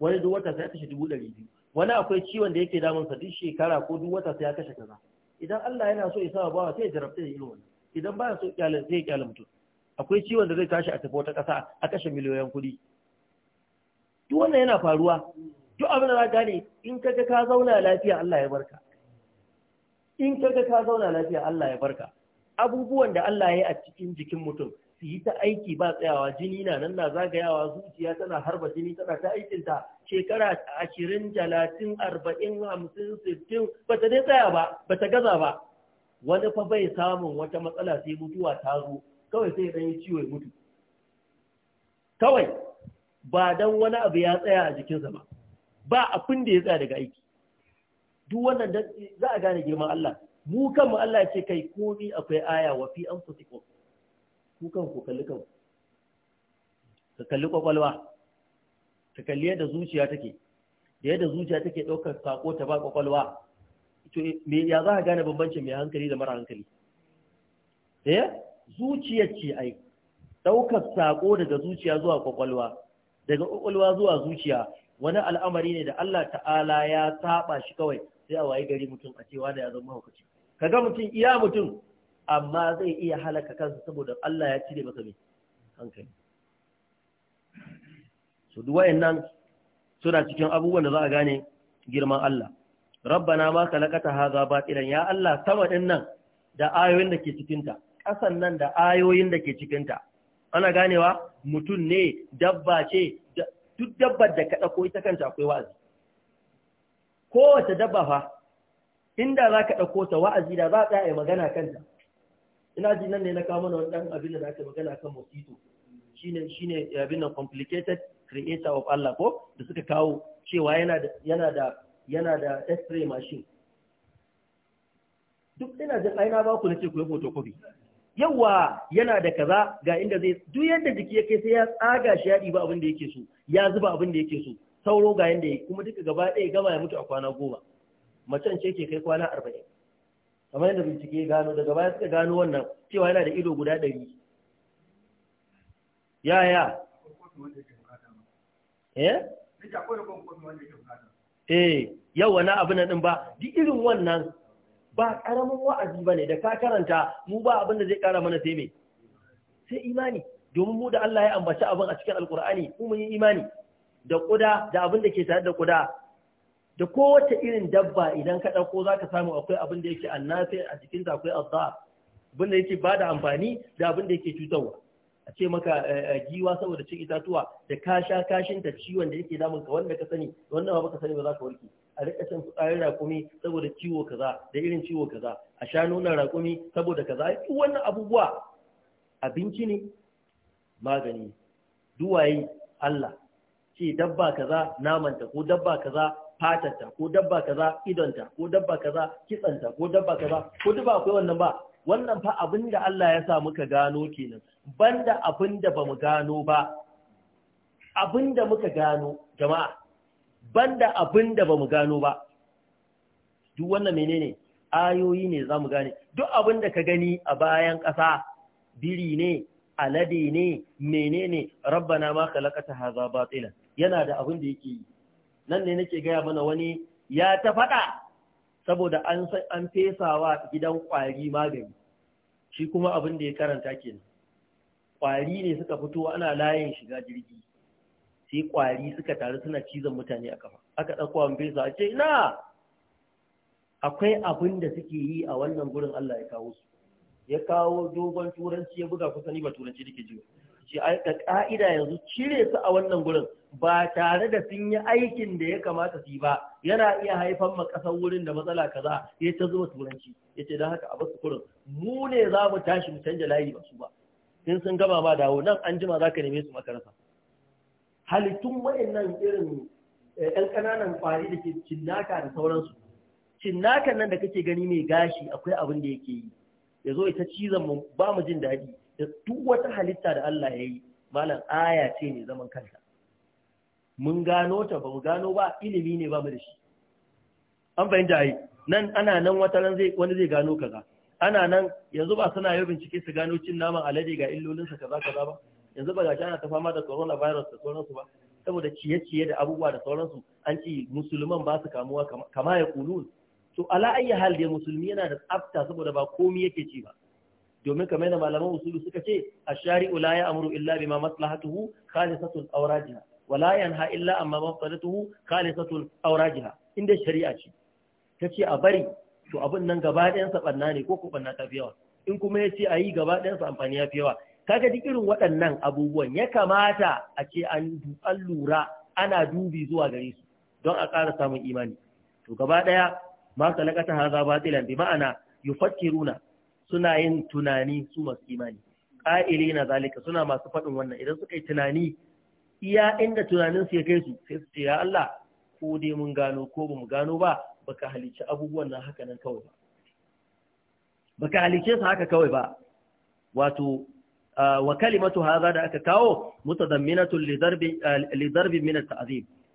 wani duk wata sai ya kashe dubu ɗari biyu wani akwai ciwon da yake damunsa duk shekara ko duk wata sai ya kashe kaza idan Allah yana so ya sa bawa sai ya jarabta da irin wannan idan ba ya so kyalin sai ya kyalin mutum akwai ciwon da zai tashi a tafi wata ƙasa a kashe miliyoyin kuɗi duk wannan yana faruwa duk abin da za ne in kaga ka zauna lafiya Allah ya barka in kaga ka zauna lafiya Allah ya barka abubuwan da Allah ya yi a cikin jikin mutum su yi ta aiki ba tsayawa jini na nan na zagayawa zuciya tana harba jini tana ta aikinta shekara ashirin talatin arba'in hamsin sittin ba ta dai tsaya ba ba ta gaza ba wani fa bai samun wata matsala sai mutuwa ta zo kawai sai dan yi ciwo ya mutu kawai ba dan wani abu ya tsaya a jikinsa ba ba abin da ya tsaya daga aiki duk wannan za a gane girman Allah mu kanmu Allah ce kai komi akwai aya wa fi anfusikum ku kan ku kalli kan ka kalli kwakwalwa ka kalli yadda zuciya take da yadda zuciya take ɗaukar sako ta ba kwakwalwa to me ya za ka gane bambancin mai hankali da mara hankali eh zuciyar ce ai ɗaukar sako daga zuciya zuwa ƙwaƙwalwa daga ƙwaƙwalwa zuwa zuciya wani al'amari ne da Allah ta'ala ya saba shi kawai sai a wayi gari mutum a cewa da ya zama hukunci kaga mutum iya mutum amma zai iya halaka kansa saboda Allah ya cire masa hankali su duwayen nan suna cikin abubuwan da za a gane girman Allah rabbana ma kalakata haza batilan ya Allah sama din nan da ayoyin da ke cikinta ƙasan nan da ayoyin da ke cikinta ana ganewa mutum ne dabba ce duk dabbar da kaɗa ko ita kanta akwai wa'azi kowace dabba fa inda za ka ɗako ta wa'azi da za a yi magana kanta ina ji nan ne na kawo mana wani abin da za ka magana kan mosquito shine ne abin nan complicated creator of Allah ko da suka kawo cewa yana da yana da yana da x-ray machine duk ina jin aina ba ku na ce ku yi photocopy yawa yana da kaza ga inda zai duk yadda jiki yake sai ya tsaga shi ya ɗiba abin da yake so ya zuba abin da yake so sauro ga yanda yake kuma duka gaba ɗaya gama ya mutu a kwana goma macen ce ke kai kwana arba'in kamar yadda bincike ya gano daga baya suka gano wannan cewa yana da ido guda ɗari yaya eh eh yawa na abin nan ba duk irin wannan ba karamin wa'azi ba ne da ka karanta mu ba abin da zai kara mana sai mai sai imani domin mu da Allah ya ambaci abin a cikin alkur'ani mu mun yi imani da ƙuda da abin da ke tare da kuda da kowace irin dabba idan ka ɗauko za ka samu akwai abin da yake annafi a cikin akwai azza abin da yake ba da amfani da abin da yake cutarwa a ce maka eh, eh, giwa saboda cin itatuwa da ka sha kashin ta ciwon da yake damun ka wanda ka sani wanda ba ka sani ba za ka warke a rika cin fitsarin rakumi saboda ciwo kaza da irin ciwo kaza a sha nuna rakumi saboda kaza duk wannan abubuwa abinci ne magani duwaye Allah ce dabba kaza namanta ko dabba kaza fatarta ko dabba kaza idonta ko dabba kaza kitsanta ko dabba kaza ko duk ba akwai wannan ba wannan fa abin da Allah ya sa muka gano kenan banda abin da ba mu gano ba abin muka gano jama'a banda abin da ba mu gano ba duk wannan menene ayoyi ne za mu gane duk abinda ka gani a bayan ƙasa biri ne alade ne menene rabbana ma khalaqata hadha batila yana da abin da yake yi nan ne nake gaya mana wani ya ta faɗa saboda an an fesawa gidan ƙwari magani shi kuma abin da ya karanta kenan Kwari ne suka fito ana layin shiga jirgi sai kwari suka taru suna cizon mutane a kafa aka ɗauko an fesa a ce na akwai abin da suke yi a wannan gurin Allah ya kawo su ya kawo dogon turanci ya buga kusa ni ba turanci dake ji shi ka ka'ida yanzu cire su a wannan gurin ba tare da sun yi aikin da ya kamata su yi ba yana iya haifar ma kasar wurin da matsala kaza ya ta zuba turanci ya ce don haka a basu kurin mu ne za mu tashi mu canja layi ba su ba in sun gama ba dawo nan an jima za ka neme su makarasa halittun wayannan irin yan eh, ƙananan ƙwari da ke cinnaka da sauransu cinnakan nan da kake gani mai gashi akwai abin da yake yi ya zo ita cizon mu ba mu jin daɗi da duk wata halitta da Allah ya yi malam aya ce ne zaman kanta mun gano ta ba mu gano ba ilimi ne ba mu da shi an fahimta yi nan ana nan wata nan wani zai gano kaza ana nan yanzu ba suna yau bincike su gano cin naman alade ga illolinsa kaza kaza ba yanzu ba gashi ana ta fama da coronavirus da sauransu ba saboda ciye-ciye da abubuwa da sauransu an ci musulman ba su kamuwa kama ya kulun to ala ayi hal dai musulmi yana da tsafta saboda ba komi yake ci ba domin kamar da malaman usulu suka ce ash-shari'u la ya'muru illa bima maslahatuhu khalisatun awrajiha wa la yanha illa amma mafsadatuhu khalisatun awrajiha inda shari'a ce tace a bari to abin nan gaba ɗayansa ɓanna ne ko ko ɓanna ta fi yawa in kuma ya ce a yi gaba ɗayansa amfani ya fi yawa kaga duk irin waɗannan abubuwan ya kamata a ce an lura ana dubi zuwa gare su don a ƙara samun imani to gaba ɗaya ma kalakata haza batilan bi ma'ana yufakkiruna suna yin tunani su masu imani ƙa'ile na zalika suna masu faɗin wannan idan suka yi tunani iya inda tunanin su ya kai su sai su ce ya Allah ko dai mun gano ko ba mu gano ba baka halicci abubuwan nan haka nan kawai ba baka halicce su haka kawai ba wato ah, wa kalimatu hadha da aka kawo mutadamminatu ah, li darbi min at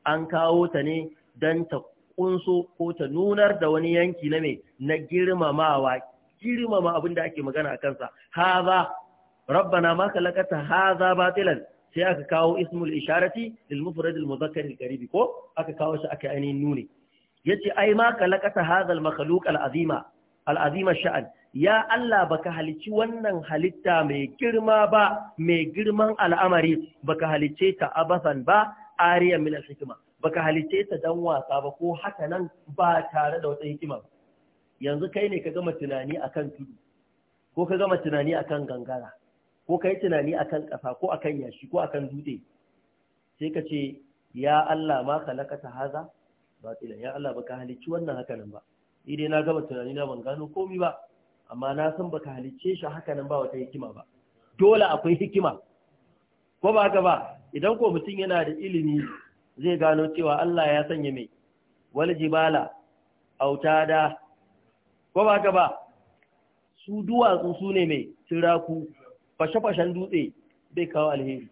an kawo ta ne dan ta kunso ko ta nunar da wani yanki na me na girmamawa girmama abin da ake magana akan sa hadha rabbana ma khalaqata hadha batilan sai aka kawo ismul isharati lil mufrad al mudhakkar al ko aka kawo shi aka ainihin nuni yace ai ma kalakata hadhal makhluq al'azima al'azima sha'an ya Allah baka halici wannan halitta mai girma ba mai girman al'amari baka halice ta abasan ba ariyan min al-hikma baka halice ta dan wasa ba ko haka nan ba tare da wata hikima yanzu kai ne ka gama tunani akan tudu ko ka gama tunani akan gangara ko kai tunani akan ƙasa ko akan yashi ko akan dutse sai ka ce ya Allah ma kalakata haza batila ya Allah baka halicci wannan hakanan ba ni dai na gaba tunani na ban gano komai ba amma na san baka halicce shi hakanan ba wata hikima ba dole akwai hikima ko ba haka ba idan ko mutum yana da ilimi zai gano cewa Allah ya sanya mai wal jibala autada ko ba haka ba su duwatsu su ne mai tiraku fashe-fashen dutse bai kawo alheri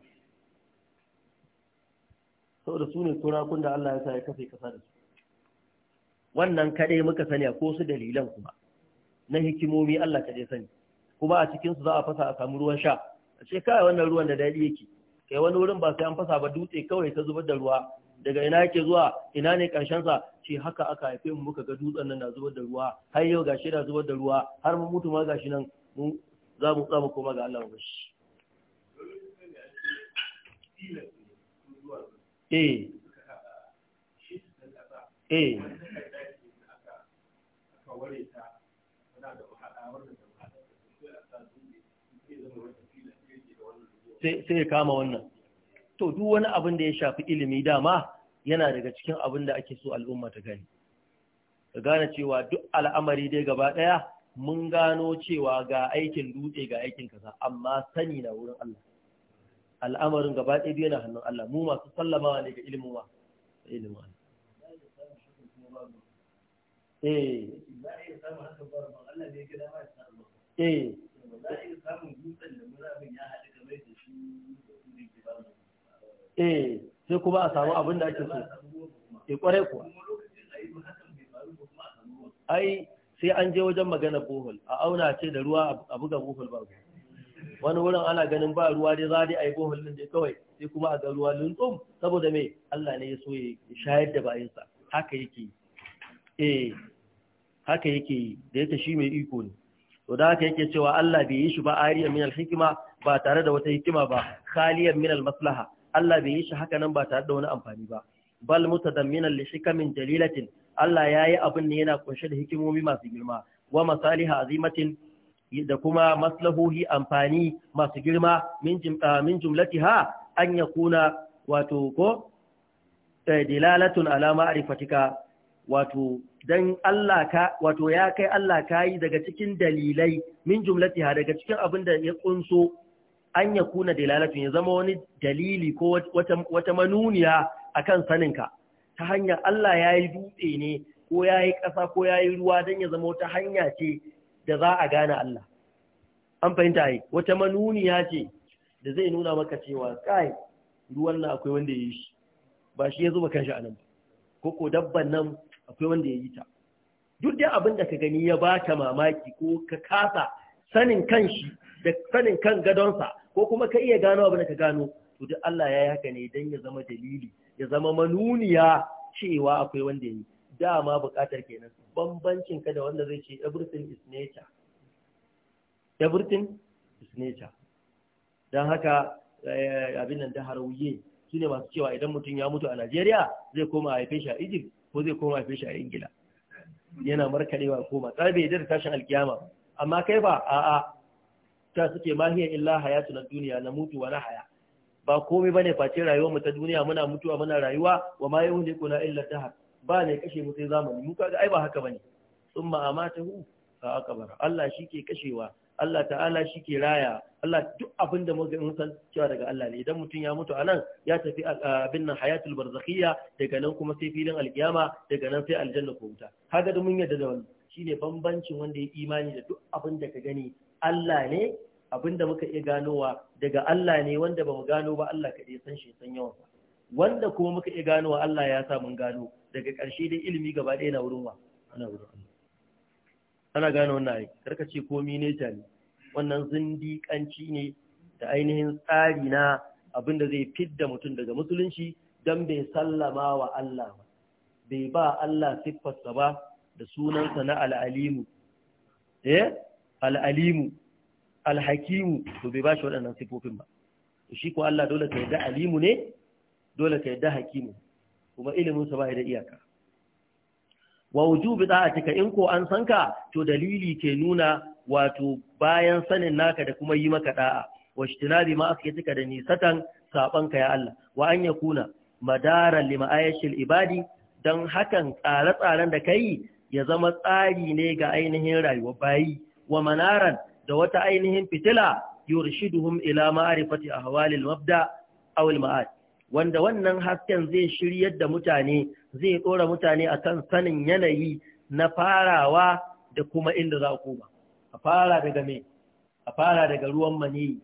saboda su ne turakun da Allah ya sa ya kafe kasa da su wannan kaɗai muka sani ko su dalilan kuma na hikimomi Allah kaɗai sani kuma a cikin su za a fasa a samu ruwan sha a ce kai wannan ruwan da dadi yake kai wani wurin ba sai an fasa ba dutse kawai ta zubar da ruwa daga ina yake zuwa ina ne karshen sa ce haka aka haife mu muka ga dutsen nan na zubar da ruwa har yau gashi na zubar da ruwa har mu mutu ma gashi nan mu za mu tsama koma ga Allah mu shi eh eh ta tana da wannan da sai a sa sai zama wata da wannan sai ya kama wannan to duk wani abin da ya shafi ilimi dama yana daga cikin abin da ake so al'umma ta gani ka gane cewa duk al'amari dai gaba ɗaya mun gano cewa ga aikin dutse ga aikin kaza amma sani na wurin Allah al'amarin gaba ɗaya dai na hannun Allah mu masu sallamawa ne ga ilimin wa ilimin Allah eh kuma a samu abin da ake so ke eh, kwarai kuwa ai sai an je wajen magana bohol a auna ce da ruwa a buga bohol ba wani wurin ana ganin ba ruwa dai za a yi bohol din dai kawai sai kuma a ga ruwa tsum saboda me Allah ne ya so ya shayar da bayansa haka yake eh haka yake da yake shi mai iko ne to da haka yake cewa Allah bai yi shi ba ariyan min al-hikma ba tare da wata hikima ba khaliyan min al-maslaha Allah bai yi shi haka nan ba tare da wani amfani ba bal mutadamminan li shikamin jalilatin Allah yayi abin ne yana kunshe da hikimomi masu girma wa masaliha azimatin da kuma maslahohi amfani masu girma min jumlati ha, an kuna, wato ko eh, dilalatun alama ma'rifatika wato dan Allah ka wato ya kai Allah kai daga cikin dalilai min ha, daga cikin abin da ya kunso an ya kuna dalalatun ya zama wani dalili ko wata manuniya akan saninka ta hanya Allah ya yi dutse ne ko ya yi ƙasa ko ya yi ruwa don ya zama wata hanya ce da za a gane Allah an fahimta yi wata manuniya ce da zai nuna maka cewa kai ruwan nan akwai wanda ya yi shi ba shi ya zuba kanshi a nan ko ko dabban nan akwai wanda ya yi ta duk da abin da ka gani ya ba ta mamaki ko ka kasa sanin kan da sanin kan gadonsa ko kuma ka iya gano abin da ka gano to duk Allah ya yi haka ne don ya zama dalili ya zama manuniya cewa akwai wanda yi dama buƙatar kenan bambancin ka da wanda zai ce everything is nature everything is nature don haka eh, abin nan da harauye su ne masu cewa idan mutum ya mutu a Najeriya zai koma haife shi a Egypt ko zai koma haife shi a Ingila yana markarewa koma Tsar bai da tashin alkiyama amma kai ba a'a ta suke mahiyar illa hayatu na duniya na mutu wa na haya ba komai bane face rayuwar mu ta duniya muna mutuwa muna rayuwa wa ma yau ne kuna illa ta ba ne kashe mu sai zamani mu kaga ai ba haka bane sun ma'amata hu ka Allah shi ke kashewa Allah ta'ala shi ke raya Allah duk abin da muka mun san cewa daga Allah ne idan mutum ya mutu anan ya tafi abin nan hayatul barzakhiyya daga nan kuma sai filin alkiyama daga nan sai aljanna ko wuta kaga da mun yadda da wannan shine bambancin wanda ya imani da duk abin da ka gani Allah ne Abin da muka iya ganowa daga Allah ne wanda ba mu gano ba Allah kaɗai san shi san yawan wanda kuma muka iya ganowa Allah ya sa mun gano daga ƙarshe dai ilimi gaba ɗaya na wurin wa ana gano wannan ai karka ce komi ne ta ne wannan zindiƙanci ne da ainihin tsari na abinda zai fidda mutum daga musulunci don bai sallama wa Allah ba bai ba Allah siffarsa ba da sunansa na al'alimu eh al'alimu alhakimu to bai bashi waɗannan sifofin ba shi ko Allah dole ka yadda alimu ne dole ka yadda hakimu kuma ilimin sa bai da iyaka wa wujubi da'atika in ko an san ka to dalili ke nuna wato bayan sanin naka da kuma yi maka da'a wa shtinabi ma afkitika da nisatan ka ya Allah wa an yakuna madaran lima ayashil ibadi dan hakan tsare-tsaren da kai ya zama tsari ne ga ainihin rayuwa bayi wa manaran da wata ainihin fitila yurshiduhum ila ma'arifati ahwalil mabda aw al ma'ad wanda wannan hasken zai shiryar da mutane zai dora mutane akan sanin yanayi na farawa da kuma inda za ku ba a fara daga me a fara daga ruwan mani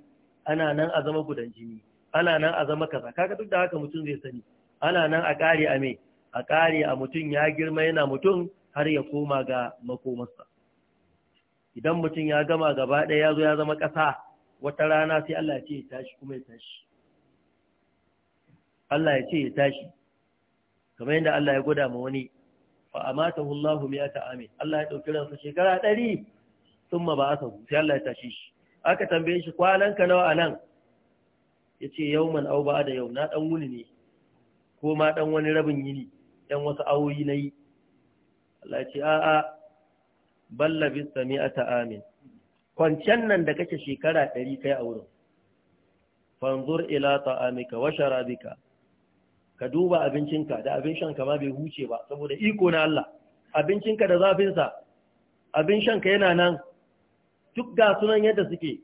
ana nan a zama gudan jini ana nan a zama kaza kaga duk da haka mutum zai sani ana nan a kare a me a kare a mutum ya girma yana mutum har ya koma ga makomarsa idan mutum ya gama gaba ɗaya ya zo ya zama ƙasa wata rana sai Allah ya ce ya tashi kuma ya tashi Allah ya ce ya tashi kamar yadda Allah ya gwada ma wani fa amatahu Allahu mi'ata amin Allah ya dauki ransa shekara 100 a ba'athahu sai Allah ya tashi shi aka tambaye shi ka nawa anan yace yawman aw da yau na dan wuni ne ko ma dan wani rabin yini dan wasu awoyi nayi Allah ya ce a'a balla bisa mi'ata amin kwancen nan da kake shekara ɗari kai a wurin fanzur ila ta'amika wa sharabika ka duba abincinka da abin shan ka ma bai huce ba saboda iko na Allah abincinka da zafin sa, abin shan ka yana nan duk ga sunan yadda suke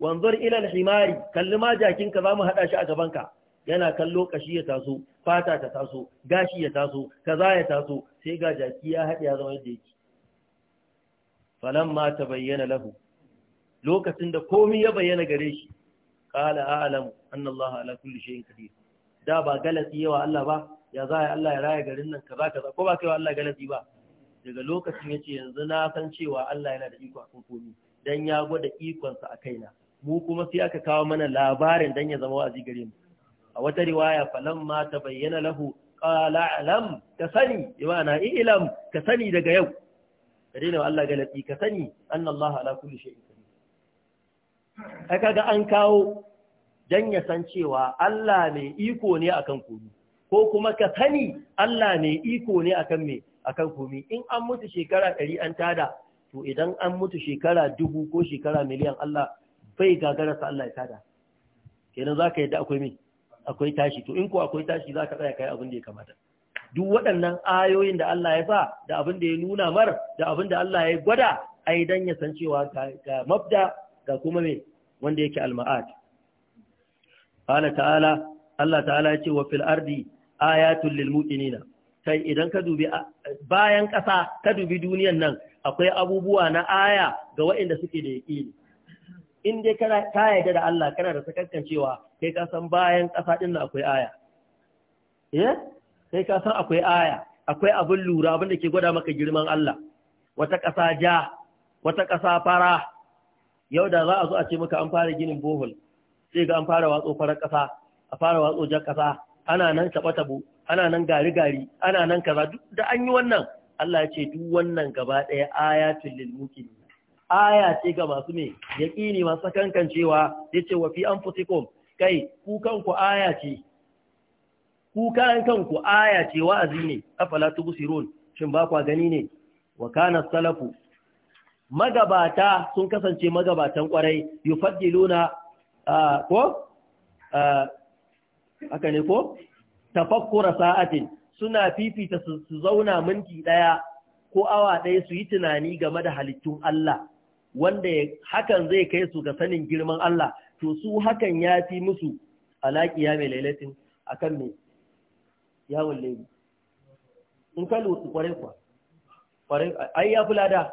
wanzur ila al-himari kalli ma jakin ka zamu hada shi a gabanka yana kallo kashi ya taso fata ta taso gashi ya taso kaza ya taso sai ga jaki ya hade ya zama yadda yake mata bayyana lahu lokacin da komi ya bayyana gare shi qala a'lamu anna Allah ala kulli shay'in qadir da ba galasi yawa Allah ba ya za Allah ya raya garin nan kaza kaza ko ba kaiwa Allah galasi ba daga lokacin yace yanzu na san cewa Allah yana da iko akan komai dan ya gwada ikonsa a kaina mu kuma sai aka kawo mana labarin dan ya zama wa'azi gare mu a wata riwaya falamma bayyana lahu qala a'lam ka sani imana ilam ka sani daga yau ka daina wa Allah galati ka sani anna Allah ala kulli shay'in qadir ai kaga an kawo dan ya san cewa Allah mai iko ne akan komi. ko kuma ka sani Allah mai iko ne akan me akan komi in an mutu shekara 100 an tada to idan an mutu shekara dubu ko shekara miliyan Allah bai gagararsa Allah ya tada kenan zaka yadda akwai me akwai tashi to in ko akwai tashi zaka tsaya kai abin da ya kamata duk waɗannan ayoyin da Allah ya ba da abin da ya nuna mar da abin da Allah ya gwada ai dan ya san cewa ga mabda ga kuma me wanda yake alma'ad Ala ta'ala Allah ta'ala ya ce wa fil ardi ayatul lil muqinina kai idan ka dubi bayan ƙasa ka dubi duniyan nan akwai abubuwa na aya ga waɗanda suke da yaƙini in dai kana ka yarda da Allah kana da sakakkan cewa kai ka san bayan ƙasa din akwai aya eh sai ka san akwai aya akwai abin lura abin da ke gwada maka girman Allah wata ƙasa ja wata ƙasa fara yau da za a zo a ce maka an fara ginin bohol sai ga an fara watso farar ƙasa a fara watso jar ƙasa ana nan taɓa taɓo ana nan gari gari ana nan kaza duk da an yi wannan Allah ya ce duk wannan gaba ɗaya ayatul lil muqin aya ce ga masu me yaqini masu kankancewa yace wa fi anfusikum kai ku kanku aya ce ku kayan kanku aya ce wa'azi ne afala tubsirun shin ba kwa gani ne wa kana salafu magabata sun kasance magabatan kwarai yufaddiluna ko Aka ne ko tafakkura sa'atin suna fifita su zauna minti ɗaya ko awa ɗaya su yi tunani game da halittun Allah wanda hakan zai kai su ga sanin girman Allah to su hakan ya fi musu alaƙiya mai lailatin akan yawon laifi in ka lura kwarai kwa ai ya fi lada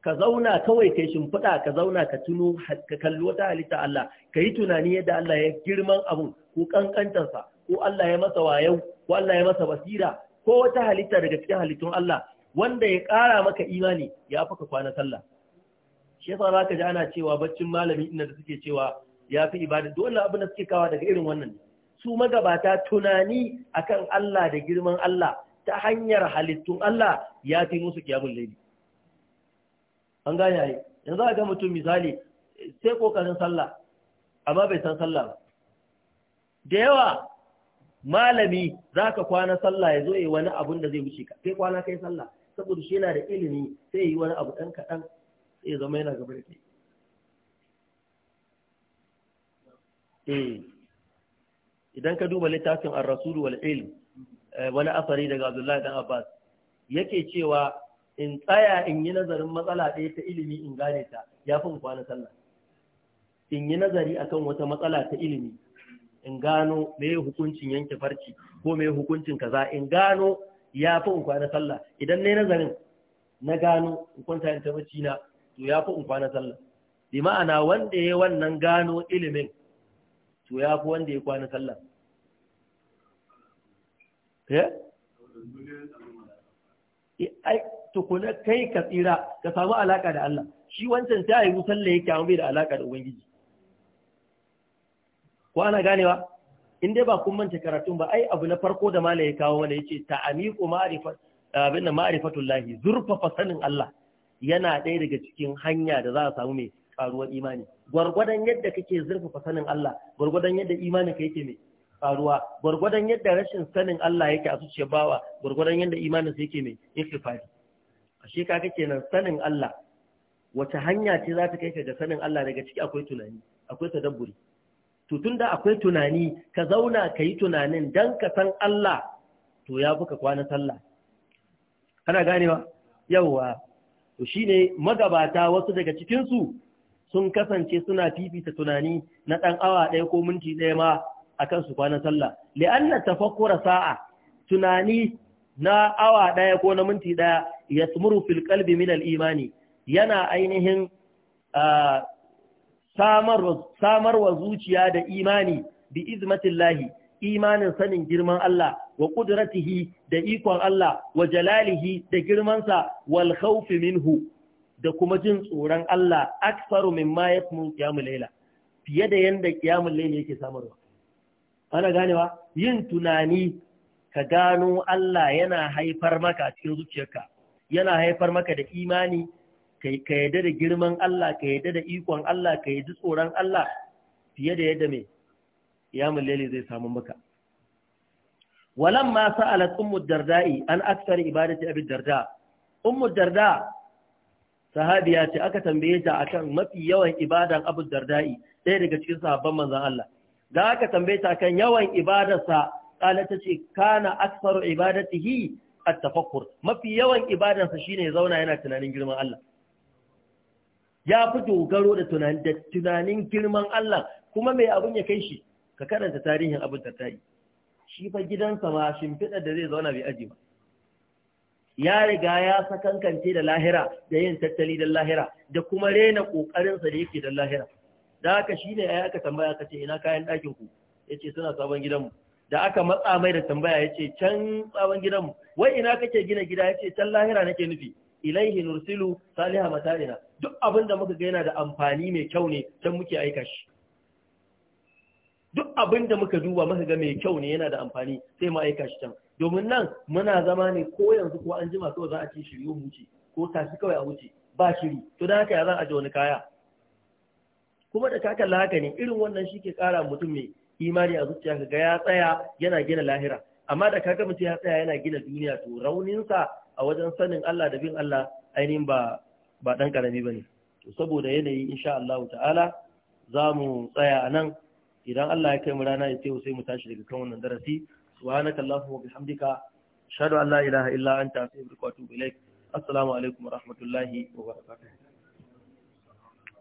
ka zauna kawai yi shimfiɗa ka zauna ka tuno ka kalli wata halitta Allah ka yi tunani yadda Allah ya girman abun ko kankantarsa ko Allah ya masa wayau ko Allah ya masa basira ko wata halitta daga cikin halittun Allah wanda ya ƙara maka imani ya ka kwana sallah shi yasa za ka ji ana cewa baccin malami inda da suke cewa ya fi ibada dole abin da suke kawa daga irin wannan ne su magabata tunani akan Allah da girman Allah ta hanyar halittun Allah ya fi musu kiyamun laili an gane ne yanzu a ga mutum misali sai kokarin sallah amma bai san sallah ba da yawa malami za ka kwana sallah ya zo yi wani abun da zai wuce ka kai kwana kai sallah saboda shi yana da ilimi sai yi wani abu ɗan kaɗan sai ya zama yana gaba da kai eh. idan ka duba littafin ar-rasul wal ilm eh, wani asari daga Abdullahi dan Abbas yake cewa in tsaya in yi nazarin matsala ɗaya ta ilimi in gane ta yafi in kwana sallah in yi nazari akan wata matsala ta ilimi in gano me hukuncin yanke farci ko me hukuncin kaza in gano fi in kwana sallah idan ne nazarin na gano in kwanta in tabbaci na to fi in kwana sallah bi ma'ana wanda ya wannan gano ilimin to ya fi wanda ya kwana sallah eh? ai tukuna kai ka tsira ka samu alaka da Allah shi wancan ta yi sallah yake amma bai da alaka da ubangiji ko ana ganewa in dai ba kun manta karatun ba ai abu na farko da mala ya kawo mana yace ce ma'rifat abin da lahi zurfafa sanin Allah yana ɗaya daga cikin hanya da za a samu mai karuwar imani gwargwadon yadda kake zurfafa sanin Allah gwargwadon yadda imanin ka yake mai karuwa gwargwadon yadda rashin sanin Allah yake a zuciyar bawa gwargwadon yadda imanin sa yake mai yake fadi ashe kaga kenan sanin Allah wace hanya ce za ta kai ka ga sanin Allah daga ciki akwai tunani akwai tadabburi to tunda akwai tunani ka zauna ka yi tunanin dan ka san Allah to ya buka kwana sallah ana ganewa yawwa to shine magabata wasu daga cikin su sun kasance suna fifita tunani na ɗan awa ɗaya ko minti ɗaya ma kan su kwanan sallah li'anna tafakkura sa'a tunani na awa ɗaya ko na minti ɗaya ya tsumuru fil kalbi min imani yana ainihin wa zuciya da imani bi izmatillahi imanin sanin girman Allah wa ƙudratihi da ikon Allah wa jalalihi da girmansa wal khawfi minhu da kuma jin tsoron Allah aksaru ya kuma qiyamul laila, fiye da yadda qiyamul laila yake samarwa ana ganewa yin tunani ka gano Allah yana haifar maka cikin zuciyarka yana haifar maka da imani ka yadda da girman Allah ka yadda da ikon Allah ka yadda tsoron Allah fiye da yadda mai ƙiyamun laila zai samu maka walamma sa'alat ummu darda'i an aksar ibadati abi darda ummu darda sahabiya ce aka tambaye ta akan mafi yawan ibadan Abu Darda'i ɗaya daga cikin sahabban manzon Allah da aka tambaye ta akan yawan ibadarsa kala ta ce kana aktsaru ibadatihi at-tafakkur mafi yawan ibadarsa shine zauna yana tunanin girman Allah ya fi dogaro da tunanin girman Allah kuma mai abun ya kai shi ka karanta tarihin Abu Darda'i shi fa gidansa ma shimfiɗar da zai zauna bai aji ba ya riga ya sakankance da lahira da yin tattali da lahira da kuma rena kokarinsa da yake da lahira da haka shine ya aka tambaya aka ce ina kayan ɗakin ku yace suna sabon gidanmu da aka matsa mai da tambaya yace can sabon gidanmu wai ina kake gina gida yace can lahira nake nufi ilaihi nursilu salihah matarina duk abin da muka ga yana da amfani mai kyau ne can muke aika shi duk abin da muka duba muka ga mai kyau ne yana da amfani sai mu aika shi can domin nan muna zama ne ko yanzu ko an jima kawai za a ce shiryo mu wuce ko tafi kawai a wuce ba shiri to da haka ya za a ji wani kaya kuma da kakan haka ne irin wannan shi ke kara mutum mai imani a zuciya ka ga ya tsaya yana gina lahira amma da kaga mutum ya tsaya yana gina duniya to rauninsa a wajen sanin Allah da bin Allah ainihin ba ba dan karami bane to saboda yanayi insha Allah ta'ala za mu tsaya a nan idan Allah ya kai mu rana ya ce sai mu tashi daga kan wannan darasi subhanaka allahumma wa hamdika, shado Allah la ilaha illa anta astaghfiruka wa atubu assalamu alaikum wa rahmatullahi wa barakatuh